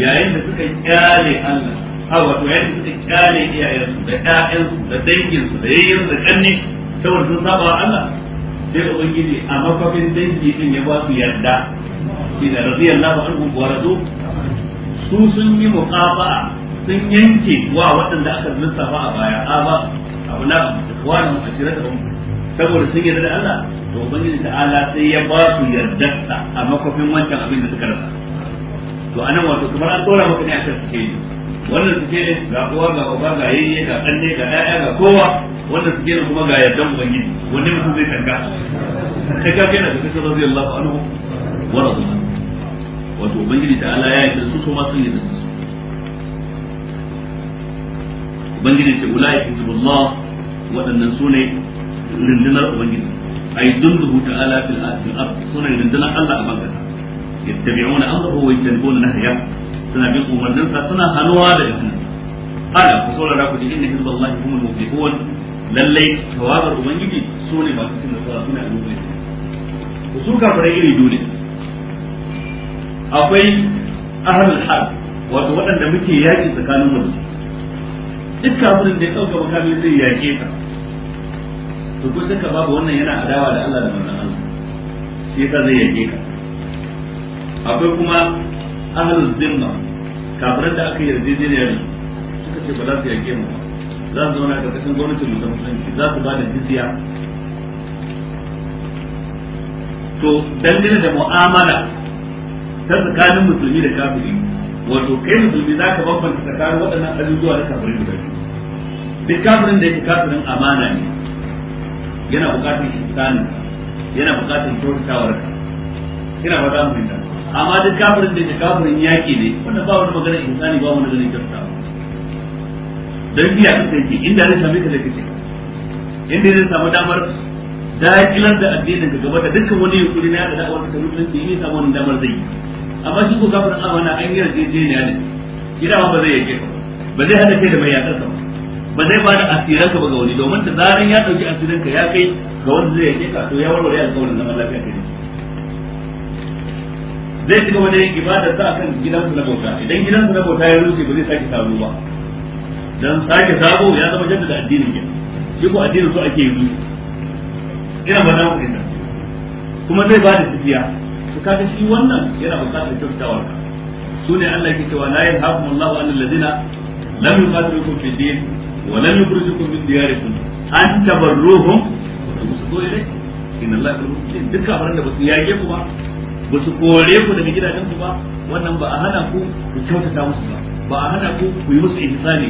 A: yayin da suka kyale Allah a wato yayin da suka kyale iyayensu da ƴaƴansu da danginsu da yayyansu da kanne saboda sun saba Allah sai ubangiji a makwafin dangi din ya ba su yarda shi da radiyallahu ba su radu su sun yi muqafa sun yanke wa waɗanda aka ba a baya a ba abu na wani ashirar da saboda sun yarda da Allah to ubangiji ta'ala sai ya ba su yarda a makwafin wancan abin da suka rasa to anan wato kamar an tsora maka ne a kan ke yi wannan suke ne ga uwa ga uba ga yayye ga kanne ga ƴaƴa ga kowa wannan suke ne kuma ga yardan ubangiji wanne mutum zai tanka ka ga kai na da kake radiyallahu anhu wa radiyallahu wato ubangiji ta Allah ya yi su to ma sun yi su ubangiji ce ulai hizbullah waɗannan su ne rundunar ubangiji ay dunduhu ta'ala fil ardi sunan rundunar Allah a bangasa yattabi'una amrahu wa yatanbuna nahyahu suna bin umarninsa suna hannuwa da izinin ala ku saurara ku Allah inna kuma humul kowa lallai tawagar ubangiji su ne masu cin sa suna da mutane ku su fara iri dole Akwai akwai ahlul har wato waɗanda muke yaki tsakanin mu duk kafirin da ya dauka makami zai yake ka to ko saka babu wannan yana adawa da Allah da manzon Allah shi ka zai yake ka akwai kuma ahlul zimma kafirin da aka yarda da ne suka ce ba za su yake mu za su zauna ga ƙarƙashin gwamnatin mu da musulunci za su ba da jizya to dangane da mu'amala ta tsakanin musulmi da kafiri wato kai musulmi za ka bambanta tsakanin waɗannan abubuwa da kafirin da duk kafirin da yake kafirin amana ne yana buƙatar ihsanin yana buƙatar kyautatawarka yana ba za mu fahimta amma duk kafirin da ke kafirin yaki ne wanda ba wani magana insani ba wani ganin kyauta dan biya kake yake inda zai sami ka da kake inda zai samu damar dakilar da addinin ka gaba da dukkan wani yunkuri na yada da'awar ka musulunci ne samu wani damar zai amma shi ko kafirin amana ah, an yi yarjejeniya ne gida ba zai yake ba zai hada kai da mai yakar ka ba zai ba da asiran ka ba ga wani domin da zaran ya dauki asiran ka ya kai ga wanda zai yake ka to ya warware alƙawarin zaman lafiya kai zai shiga gaba da yin ibadar gidan su na bauta idan su na bauta ya rushe ba zai sake sabo ba dan sake sabo ya zama jaddada addinin ya shi ko addinin su ake yi ina ba na kuɗin kuma zai ba da tafiya su kaga shi wannan yana buƙatar kyautawar ka su ne Allah ke cewa la yanhaqum Allahu an alladhina lam yuqatilukum fi din wa lam yukhrijukum min diyarikum an tabarruhum wa tusdu ilayhi inna Allah yuhibbu dukkan da su yage ku ba ba su kore ku daga gidajen ku ba wannan ba a hana ku ku kyautata musu ba ba a hana ku ku yi musu ihsani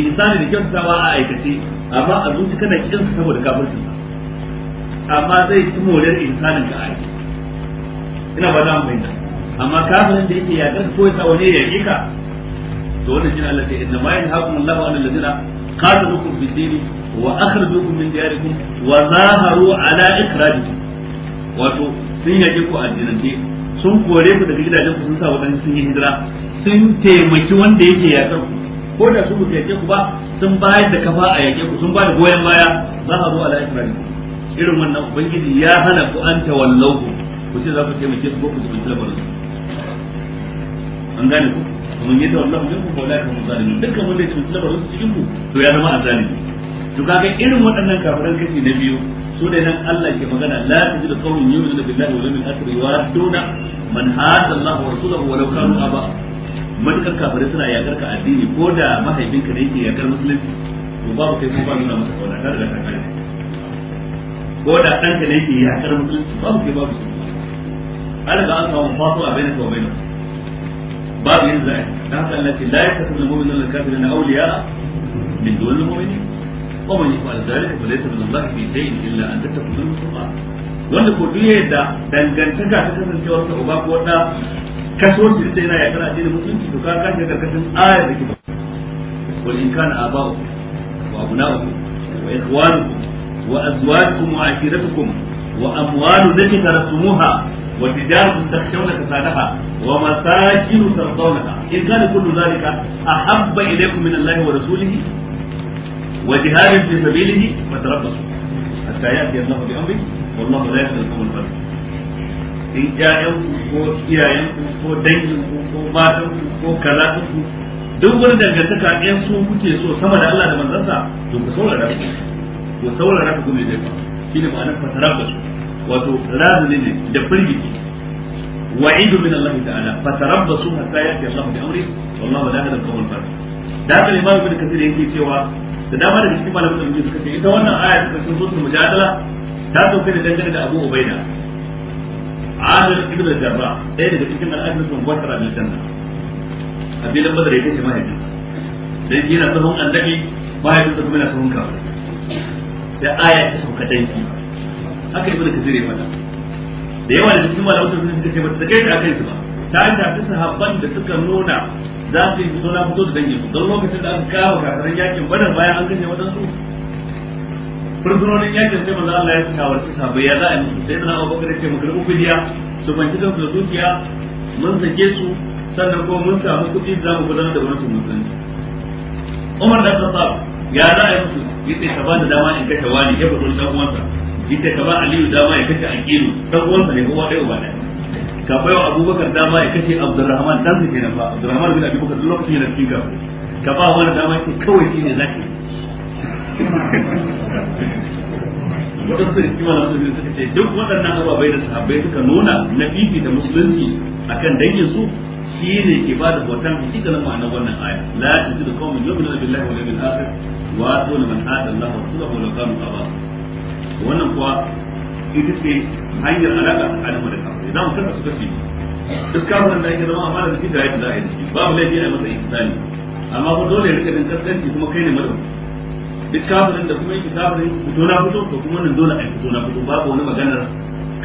A: ihsani da kyautata ba a aikace amma a zuci kana kin su saboda kafirci amma zai ci moriyar ihsanin ka ai ina ba za mu bayyana amma kafirin da yake yakar ko ya wani ya yi ka to wannan jin Allah sai inna ma Allah wa annal ladina qatalukum fid dini wa akhrajukum min diyarikum wa zaharu ala ikhrajikum wato sun yaƙe ku a addinance sun kore ku daga gidajen ku sun sa waɗansu sun yi hijira sun taimaki wanda yake yaƙar ku ko da su mutu yaƙe ku ba sun bayar da kafa a yake ku sun ba da goyon baya za a zo ala ibrahim irin wannan ubangiji ya hana ku an tawallau ku ku ce za ku taimake su ko ku zubunci lamarin an gane ku kuma yadda wallahu yanku ko la yakum zalimin dukkan wanda ya zubunci lamarin su cikin ku to ya zama azalimi to kaga irin waɗannan kafiran kashi na biyu su ne nan Allah ke magana la tajidu qawmin yu'minuna billahi wal yawmil akhir yuwadduna man hada Allah wa rasulahu walau kanu aba matukar kafare suna yakar ka addini ko da mahaifinka ne yake yakar musulunci to babu kai kuma nuna masa kauna ta daga kai ko da ɗanka ne yake yakar musulunci babu kai babu su an riga an samu fasuwa bai wa kawai babu yin zai dan haka Allah ce la yakasubul mu'minuna kafirina awliya min dunil mu'minin ومن يفعل ذلك فليس من الله في شيء الا ان تتخذوا منه wanda ko duk yadda dangantaka ta kasancewar ta uba ko da kaso shi sai yana yakar addinin musulunci to ka kashe karkashin ayar da ke ba wal in kana aba'u wa abna'u wa ikhwanukum wa azwajukum wa ashiratukum wa amwalu allati taraktumuha wa tijaratun takhshawna kasadaha wa masakin tardawnaha in kana kullu dhalika ahabba ilaykum min Allah wa rasulihi وجهاد في سبيله فتربصوا حتى يأتي الله بأمره والله لا يهدي القوم الفاسقين in ƴaƴanku ko iyayenku ko danginku ko matanku ko kaza duk wani dangantaka in su kuke so sama da Allah da manzansa to ku saurara ku saurara ku gume zai ba shine ma'anar fatarabba wato razani ne da firgici wa'idu min Allah ta'ala fatarabbasu hatta ya'ti Allah bi amri wallahu la yahdi al-qawm da Ibn Kathir yake cewa da dama da cikin malamin da suka ce ita wannan aya ta cikin suratul mujadala ta sauka da dangane da Abu Ubaida Amir ibn Jarrah ɗaya daga cikin al'adun sun wasara bil janna kabilan Badr yake ce mahaifin sai shi yana sahun annabi mahaifin sa kuma yana sahun kafir da aya ta sauka danki haka ibn Kathir ya faɗa da yawa da cikin malamin sun suka ce ba ta kai ta akai su ba ta shafi sahabban da suka nuna za su yi fito na fito da dangin su don lokacin da aka kawo kakarar yakin badar bayan an ganye waɗansu fursunonin yakin sai maza Allah ya su sabu ya za a yi sai na abu bakar ce magana fidiya su banci da su dukiya mun sake su sannan ko mun samu kuɗi za mu gudanar da wani gwamnatin musulunci Umar da ta sa ya za a yi musu yace ka ba da dama in kashe wani ya fito dan uwansa yace ka ba Aliyu dama ya kashe Aqilu dan uwansa ne kuma ɗaya uba ɗaya ka baiwa abubakar dama ya kashe abdurrahman dan su kenan ba abdurrahman bin abubakar duk lokacin yana cikin gafi ka ba wani dama ke kawai shi ne zaki wadansu da kima na musulmi suka ce duk waɗannan ababai da sahabbai suka nuna na fifi da musulunci akan dangin su shi ne ke ba da hoton hakikalin ma'anar wannan aya la tajidu qauman yu'minuna billahi wal yawmil akhir wa atuna man hada Allah wa rasulahu wa laqamu aba wannan kuwa ita ce hanyar alaƙa tsakanin mu da kafin za mu kasa su kashe duk kafin da yake zama amana da shi da yake za a yi ciki babu laifi a masa ihsani amma ko dole ya rika din kaskanci kuma kai ne mazan duk kafirin da kuma yake kafin fito na fito to kuma nan dole a fito na fito babu wani maganar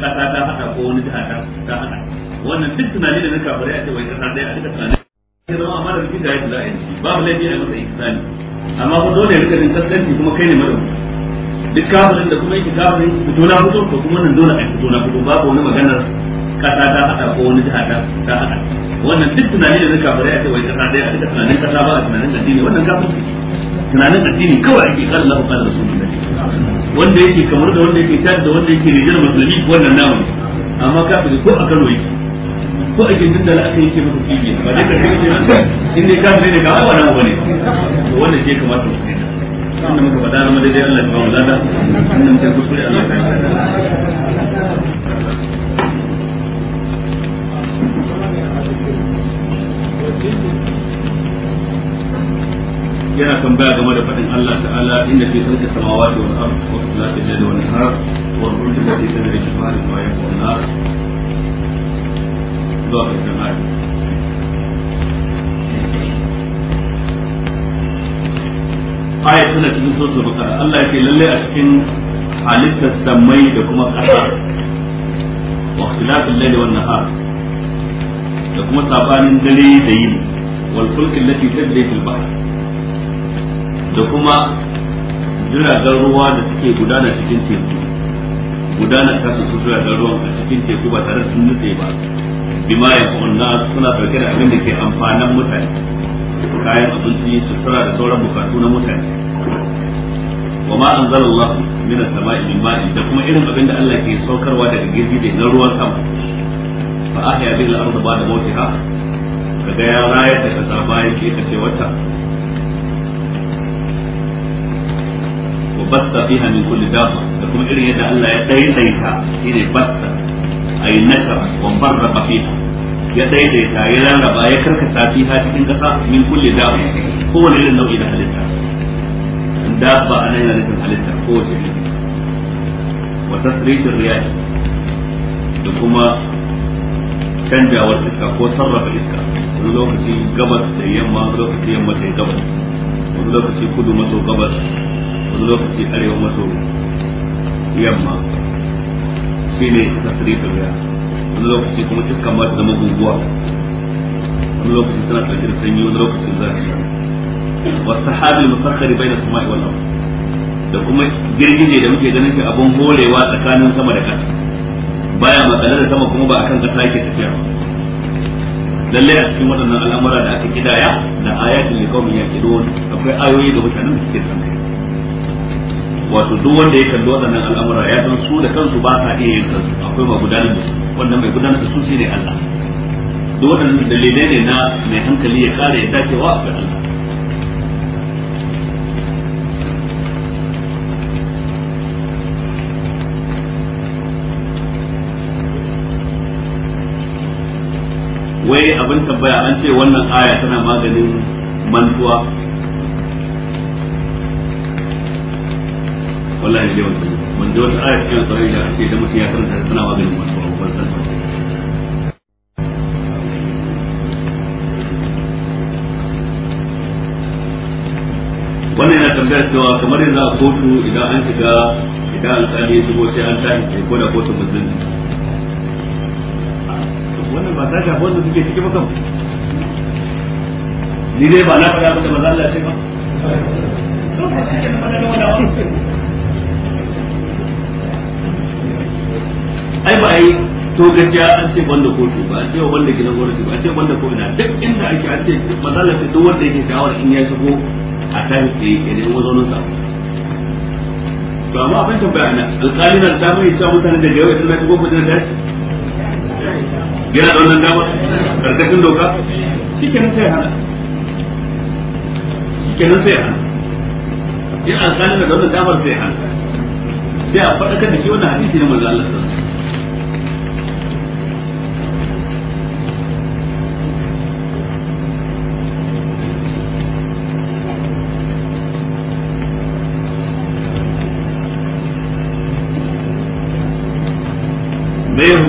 A: kasa ta hada ko wani jiha ta ta wannan duk tunani da na kafirai a ce wai kasa ɗaya a cikin tunani ya zama amana da shi da yake za a yi ciki babu laifi a masa ihsani amma ko dole ya rika din kaskanci kuma kai ne mazan duk kafirin da kuma yake kafirin fito na fito ko kuma nan dole a fito na fito babu wani maganar kasa ta hada ko wani jiha ta ta hada wannan duk tunani da zaka bari a ce wai kasa dai a duka tunanin kasa ba a tunanin addini wannan kafirci tunanin addini kawai ake kan Allah kan Rasulullahi wanda yake kamar da wanda yake tare da wanda yake rijiyar musulmi wannan namu ne amma kafiri ko a Kano yake ko a gindin da aka yi ke masa ba dai ka ce in dai ne ka ba wannan wani wannan ke kamar su ne inda muka faɗa na madadai Allah ya ba mu lada inda muka kuskure Allah yana tambaya game da faɗin Allah ta'ala inda fi sarki samawati wal ard wa salati al-layli wan nahar wal fulki allati tajri fi bahri wa yaqulu an-nar zuwa ga jama'a aya tana cikin suratul baqara Allah ce lalle a cikin halittar samai da kuma ƙasa wa ikhtilafil layli wan nahar da kuma sabanin dare da yini wal fulkin lati tajri fil bahr da kuma jiragen ruwa da suke gudana cikin teku gudana ta su jiragen ruwan a cikin teku ba tare sun nutse ba bima ya kunna suna ɗauke da abin da ke amfanin mutane kayan abinci sutura da sauran bukatu na mutane wa ma anzalallahu min as-sama'i min da kuma irin abin da Allah ke saukarwa daga girgije na ruwan sama fa ahya bihi al-ardh ba'da mawtiha kaga ya rayar da kasa bayan ke kace wata wabatta fiha min kulli dafa da kuma irin yadda Allah ya daidaita shine batta ay nasara wa barra fiha ya daidaita ya rarraba ya karkata fiha cikin kasa min kulli dafa kowane irin nau'i da halitta dabba ana yana nufin halitta ko wace iri wa tasrifin da kuma canjawar iska ko sarrafa iska wani lokaci gabas da yamma wani lokaci yamma da gabas wani lokaci kudu maso gabas wani lokaci arewa maso yamma shine tasrifin riyah wani lokaci kuma iska ma ta zama wani lokaci tana sanyi wani lokacin والسحاب المسخر بين السماء والارض da kuma girgije da muke ganin shi abun horewa tsakanin sama da ƙasa baya matsala da sama kuma ba akan ƙasa yake tafiya lalle a cikin waɗannan al'amura da aka kidaya da ayatul liqaumin yaqilun akwai ayoyi da mutanen da suke san wato duk wanda ya kalli waɗannan al'amura ya san su da kansu ba sa iya yin kansu akwai ma gudanar da su wannan mai gudanar da su shine Allah duk wannan dalilai ne na mai hankali ya kare ya dacewa ga Allah wai abin tambaya an ce wannan aya tana maganin mantuwa wallahi dai wata mun ji wata aya cikin tsarin da ake da mutum ya karanta tana maganin mantuwa ko ban san wannan yana tambayar cewa kamar yanzu a kotu idan an shiga idan alƙali ya shigo sai an tashi ko da kotu musulunci ba ta shafi wanda suke ciki ba ni dai ba na faɗa ba da maza Allah ce ba ai ba ai to an ce banda kotu ba a ce wa banda gidan ba a ce banda ko'ina duk inda ake an ce matsala ce duk wanda yake shawar in ya shigo a kan tsaye ya nemi mazaunin sa to amma abin tambaya na alƙalin ta mai sa mutane da yawa idan na shigo dashi yana da wannan dama karkashin doka shi kenan sai hana shi kenan sai hana in alƙalin da wannan damar sai hana sai a faɗakar da shi wannan hadisi na manzo Allah sallallahu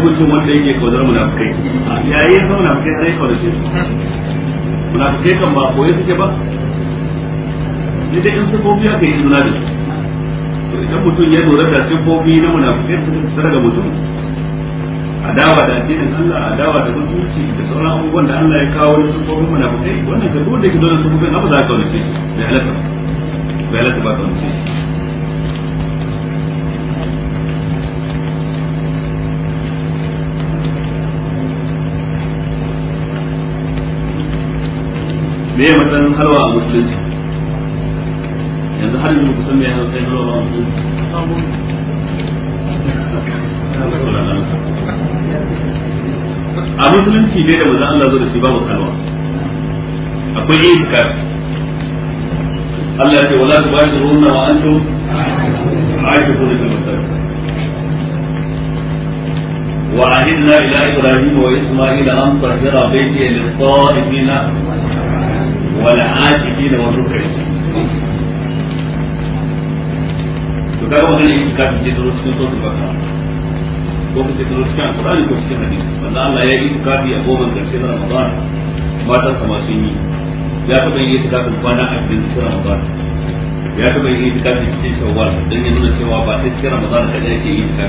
A: mutum wanda yake kaudar munafukai ya yi zama munafikai har ya kaudace shi munafukai kan ba koyi suke ba ne dai in sufofi aka yi suna da to idan mutum ya lura da sufofi na munafukai su tsara ga mutum adawa da addinin Allah adawa da mutunci da sauran abubuwan da Allah ya kawo na sufofin munafukai wannan ka dole ke zo da sufofin abu za ka kaudace shi bai halatta ba kaudace su me ya matsayin halwa a musulunci yanzu har yanzu kusan me ya matsayin halwa a
D: musulunci
A: a musulunci ne da maza Allah zo da shi babu halwa akwai itikar Allah ya ce wala tubashiruna wa antum aakifuna fil masajid وعهدنا إلى إبراهيم وإسماعيل أن طهر بيتي للطائفين wala ajiki da wasu kai to kaga wannan itikafi ce da wasu sun ba ko kuma cikin cikin Qur'ani ko cikin hadisi wanda Allah ya yi ka bi abu goma karshe na Ramadan matan kuma sun yi ya taɓa yin itikafin kwana a cikin cikin Ramadan ya taɓa yin itikafin cikin Shawwal dan ya nuna cewa ba sai cikin Ramadan ka kaɗai yake yi ka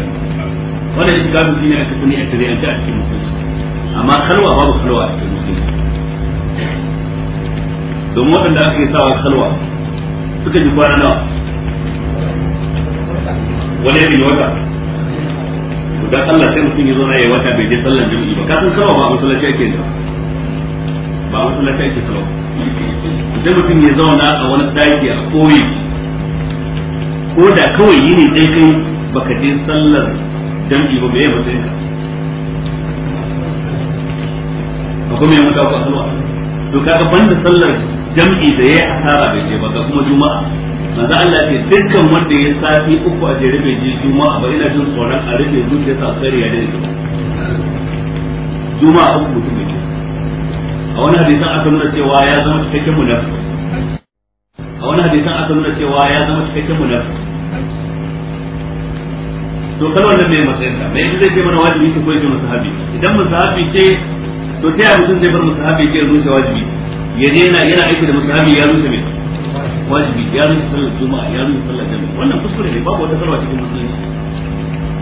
A: wannan itikafin ka ji ne a cikin a cikin musulunci amma kalwa babu kalwa a cikin musulunci domin waɗanda aka yi sawa salwa suka ji kwana nawa wani yamin wata dan Allah sai mutum ya zo na yayi wata bai je sallan jami'i ba kafin sawa ba masallaci ake sa ba masallaci ake salwa sai mutum ya zauna a wani daki a koyi ko da kawai yi ne dai kai baka je sallar jami'i ba bai mutum ka akwai mai mutu a salwa to kaga banda sallar jam'i da yayi asara bai je ba ga kuma juma'a manzo Allah ce dukkan wanda ya safi uku a jere bai je juma'a ba ina jin tsoron a rufe zuciya ta sai ya dare juma'a uku mutum ne a wani hadisan aka nuna cewa ya zama cikakken munafiki a wani hadisan aka nuna cewa ya zama cikakken munafiki to kan nan mai matsayinka ta mai zai ce mana wajibi ce ko ce musahabi idan musahabi ce to ta yaya mutum zai bar musahabi ce ya zo wajibi yaje yana yana aiki da musahabi ya rusa mai wajibi ya rusa sallar juma'a ya rusa sallar jami'a wannan kuskure ne babu wata salwa cikin musulunci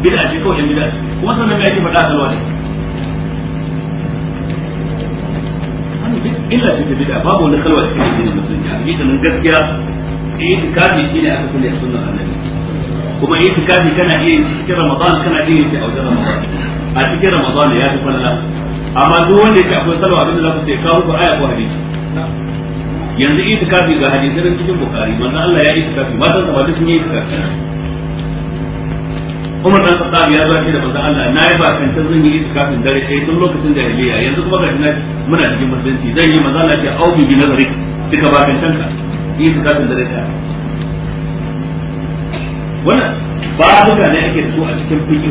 A: bid'a ce kawai bid'a ce kuma sannan me ake faɗa salwa ne illa ce ta bid'a babu wani salwa cikin addinin musulunci a hakikanin gaskiya itikafi shine aka kulle sunnar annabi kuma itikafi kana iya cikin ramadan kana iya shi a wajen ramadan a cikin ramadan ya fi falala amma duk wanda yake akwai salwa abinda za ku sai kawo ku aya ko hadisi yanzu itikafi ga da cikin bukari manzo Allah ya itikafi matan sa ba duk sun yi itikafi Umar dan Khattab ya zo ce da manzo Allah na yi bakan ta zan yi itikafin dare sai tun lokacin da jahiliya yanzu kuma ga ina muna cikin musulunci zan yi manzo Allah ce aubi bi nazari kika bakan tanka itikafin dare ta wannan duka ne ake da su a cikin fiqh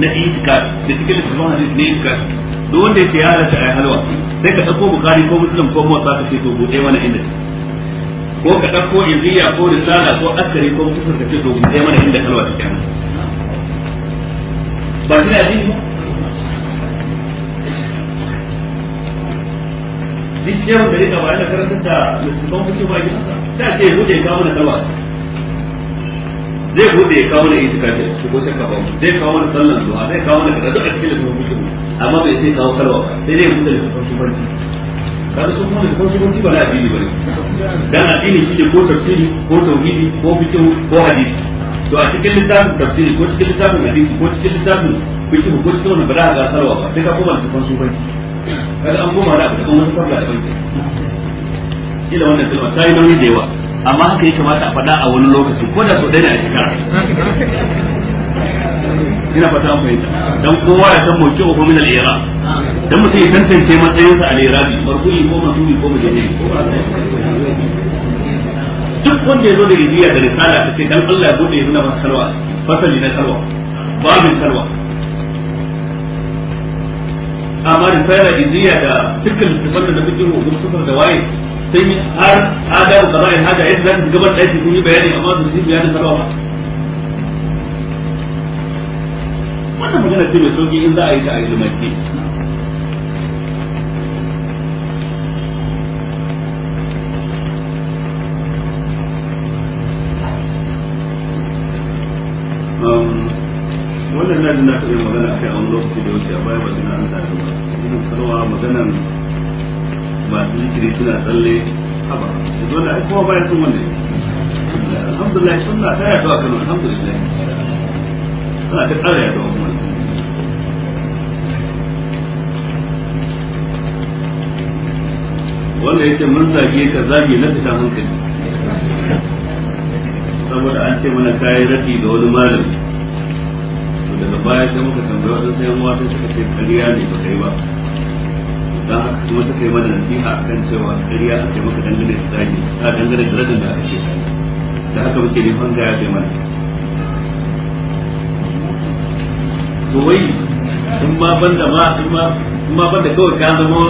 A: na itikafi da cikin littafin hadisi ne itikafi duk wanda yake ya halatta ayi halwa sai ka ɗauko bukari ko musulun ko kuma ka ce to buɗe mana inda ko ka ɗauko iziya ko risala ko akari ko musulun ka ce to buɗe mana inda kalwa ta kyanu ba shi da ba duk yawan da rika ba yana karantar da musulman kuke ba gina sai ce buɗe kawo na kalwa zai buɗe kawo su itikafi ko ta kawo zai kawo sallan zuwa zai kawo kaza a cikin da kuma mutum amma bai sai kawo kalwa sai dai mutu da kafin shugabanci kada su kuma da kafin shugabanci ba na addini bane dan addini shi ne ko tafsiri ko tauhidi ko fiqh ko hadisi to a cikin littafin tafsiri ko cikin littafin hadisi ko cikin littafin fiqh ko cikin wani bada za ga kalwa ba sai ka kuma da kafin shugabanci kada an goma da abu da kuma wasu sabla da banki kila wannan kalma ta yi nauyi da yawa amma haka ya kamata a faɗa a wani lokaci ko da sau ɗaya ne a shekara ina fata mu fahimta dan kowa ya san mauki ko min al-ira dan mutum ya tantance matsayinsa al-irabi marfu'i ko masuli ko mujahid duk wanda ya zo da rijiya da risala ta ce dan Allah ya bude ya nuna masa salwa fasali na salwa babin salwa amma fara rijiya da dukkan littafan da fikiru ko sufar da waye sai har ada da ra'ayin hada yadda zan gaban da yake kun yi bayani amma su yi bayanin salwa ba wannan magana ce mai sauki in za a yi ta a ilmanci um, wannan nan na iya magana akai a wani lokaci da wuce a baya ba suna an sa da ba irin sarwa maganan masu zikiri suna tsalle haba dole ai kuma baya sun wannan alhamdulillah sunna ta yato a kano alhamdulillah suna ta ƙara yato wanda yake mun zage ka zage na fita hankali saboda an ce mana kayi rafi ga wani malam daga baya sai muka tambaye wasu sai mu wata suka ce kariya ne ba kai ba dan haka kuma suka yi mana nasiha kan cewa kariya a ce muka dangane da zage a dangane da rajin da aka ce da haka muke fanga ya kai mana to wai in ma banda ma in ma banda kawai ka zama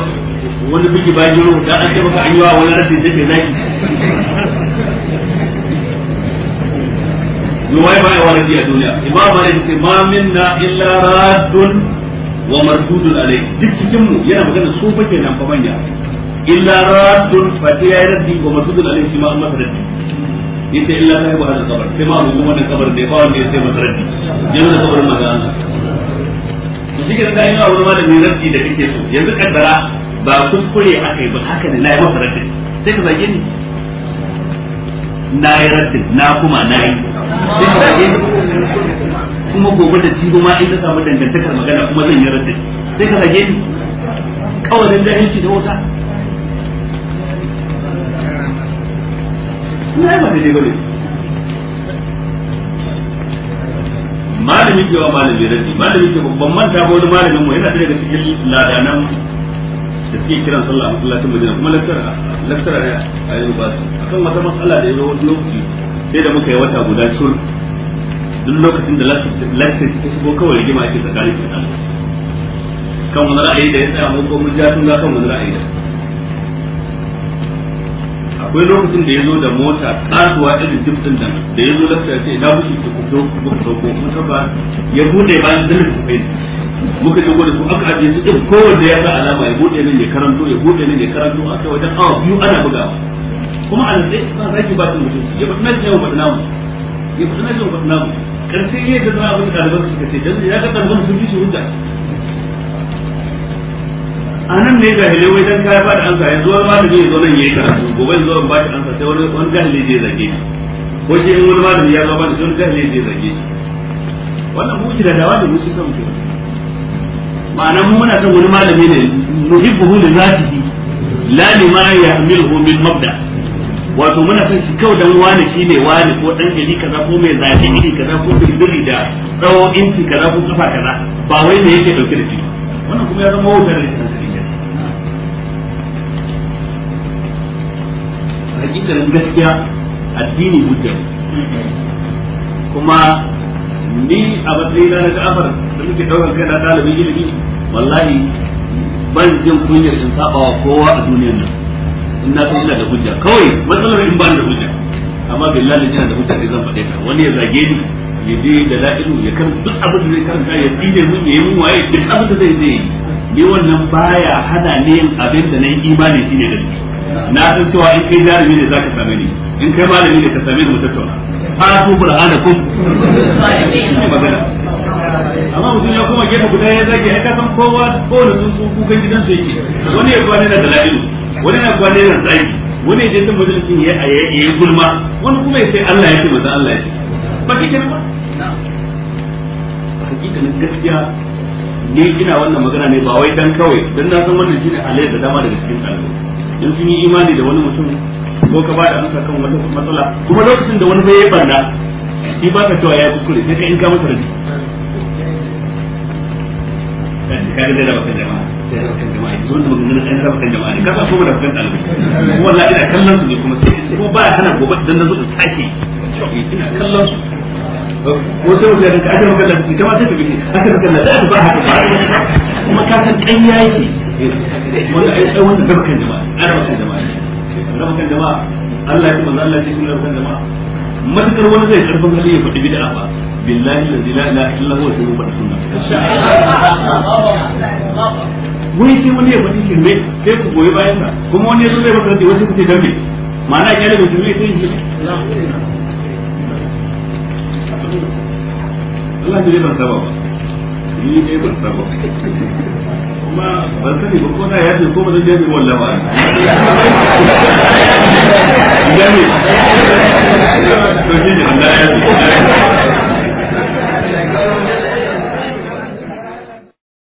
A: wani biki ba jiro da an ce ka anyuwa wani rafi da ke zaki yi wai ba yawa rafi a duniya imam malik ce ma minna illa raddun wa mardudun alai duk cikin mu yana magana su fa kenan fa manya illa raddun fa ta yayi raddi wa mardudun alai shi ma an masa raddi yace illa ta yi ba da kabar sai ma abubuwan wannan kabar da ba wanda ya sai masa raddi yana da kabarin magana Jikin shi ke da yin aure ma da mai da kake so yanzu kaddara ba kuskure aka yi ba haka ne na yi masa raddin sai ka zage ni na yi raddin na kuma na yi sai ka zage ni kuma gobe da jibo ma in ta samu dangantakar magana kuma zan yi raddin sai ka zage ni
D: kawalin da yanci da wuta
A: na yi masa daidai malami ke wa malami raddi malami ke babban manta ba wani malamin mu yana daga cikin ladanan da suke kiran sallah a masallacin kuma laktara laktara ne a university akan wata matsala da yazo wani lokaci sai da muka yi wata guda sur duk lokacin da laktara ta shigo kawai rigima ake tsakanin kan wani ra'ayi da ya tsaya mun ko mun ja tun ga kan wani ra'ayi akwai lokacin da ya zo da mota kasuwa irin jip din nan da ya zo lafiya ce ina mushi ki ku zo ku zo ko mutum ba ya bude ba bayan dalil ku bai muka shigo gode ku aka aje su din kowanne ya ga alama ya bude nan ya karanto ya bude nan ya karanto a aka wajen awa biyu ana bugawa kuma a nan ba za ki ba su mutum ya fadi nan ya bude namu ya bude nan yau ba namu karshe ya ga abin da ɗaliban suka ce dan ya ga ɗaliban su ji shi hujja a nan ne hile wai dan kai bada ansa yanzu wani malami ya zo nan yayi karatu gobe zo ba shi ansa sai wani wani jahili zai zage ko shi in wani malami ya zo ba shi jahili zai zage wannan mu da dawa da mu shi kan mu ma'ana mu muna son wani malami ne muhibbuhu li zatihi la lima ya'miluhu min mabda wato muna son shi kawai dan wani shi ne wani ko dan gari kaza ko mai zafi iri kaza ko mai biri da tsawo inci kaza ko kafa kaza ba wai ne yake dauke da shi wannan kuma ya zama wutar da shi. dukkanin gaskiya addini hujja kuma ni a matsayina na Ja'far da muke daukar kai na dalibin ilimi wallahi ban jin kunyar in saba wa kowa a duniyar nan in na san ina da hujja kawai matsalar in ban da hujja amma billahi ina da hujja sai zan faɗe ta wani ya zage ni ya je da la'ilu ya kan duk abin da zai karanta ya tsine mun ya yi mun waye duk abin da zai zai yi ni wannan baya hana ne yin abin da na yi imani shine gaskiya na san cewa in kai jarumi ne zaka same ni in kai malami ne ka same ni mu tattauna hatu burhanakum magana amma mutum ya kuma gefe guda ya zage ya kasan kowa kowane sun su kukan su yake wani ya kwane na dalilu wani ya kwane na zagi wani ya je ta majalisin ya yi gulma wani kuma ya sai Allah ya ce maza Allah ya ce ba shi kenan ba na gaskiya ne ina wannan magana ne ba wai dan kawai dan na san wannan shine alayyar da dama daga cikin ɗalibai in sun yi imani da wani mutum ko ka ba da amsa kan wata matsala kuma lokacin da wani bai barna shi ba ka cewa ya yi kuskure sai ka in ka masa rabi eh, kaga da raba kan jama'a zai raba kan jama'a yanzu wanda maganganun an raba kan jama'a ne kaga kuma da kan ɗalibi kuma la ina kallon su ne kuma sai ko ba hana gobe idan na zo da sake ina kallon su ko sai mutum ya rinka ajiyar magana ta ma sai ka bi ne aka rika na za ta ba haka ba kuma ka san ƙanya yake wani a yi tsawon da kan jama'a ana rabakan jama'a kan jama'a Allah ya kuma Allah ya ce suna rabakan jama'a matakar wani zai karfin hali ya faɗi bid'a ba billahi la ilaha illa huwa sai faɗi sunna wai sai wani ya faɗi shirme sai ku goyi bayan sa kuma wani ya zo zai faɗi wasu kuce dan me ma'ana ya da shirme sai shi
D: Allah ya ban saba ba ni ne ban saba kuma ban sani ba ko na yaji ko ba zan je mai wallafa idan
A: to Allah
D: ya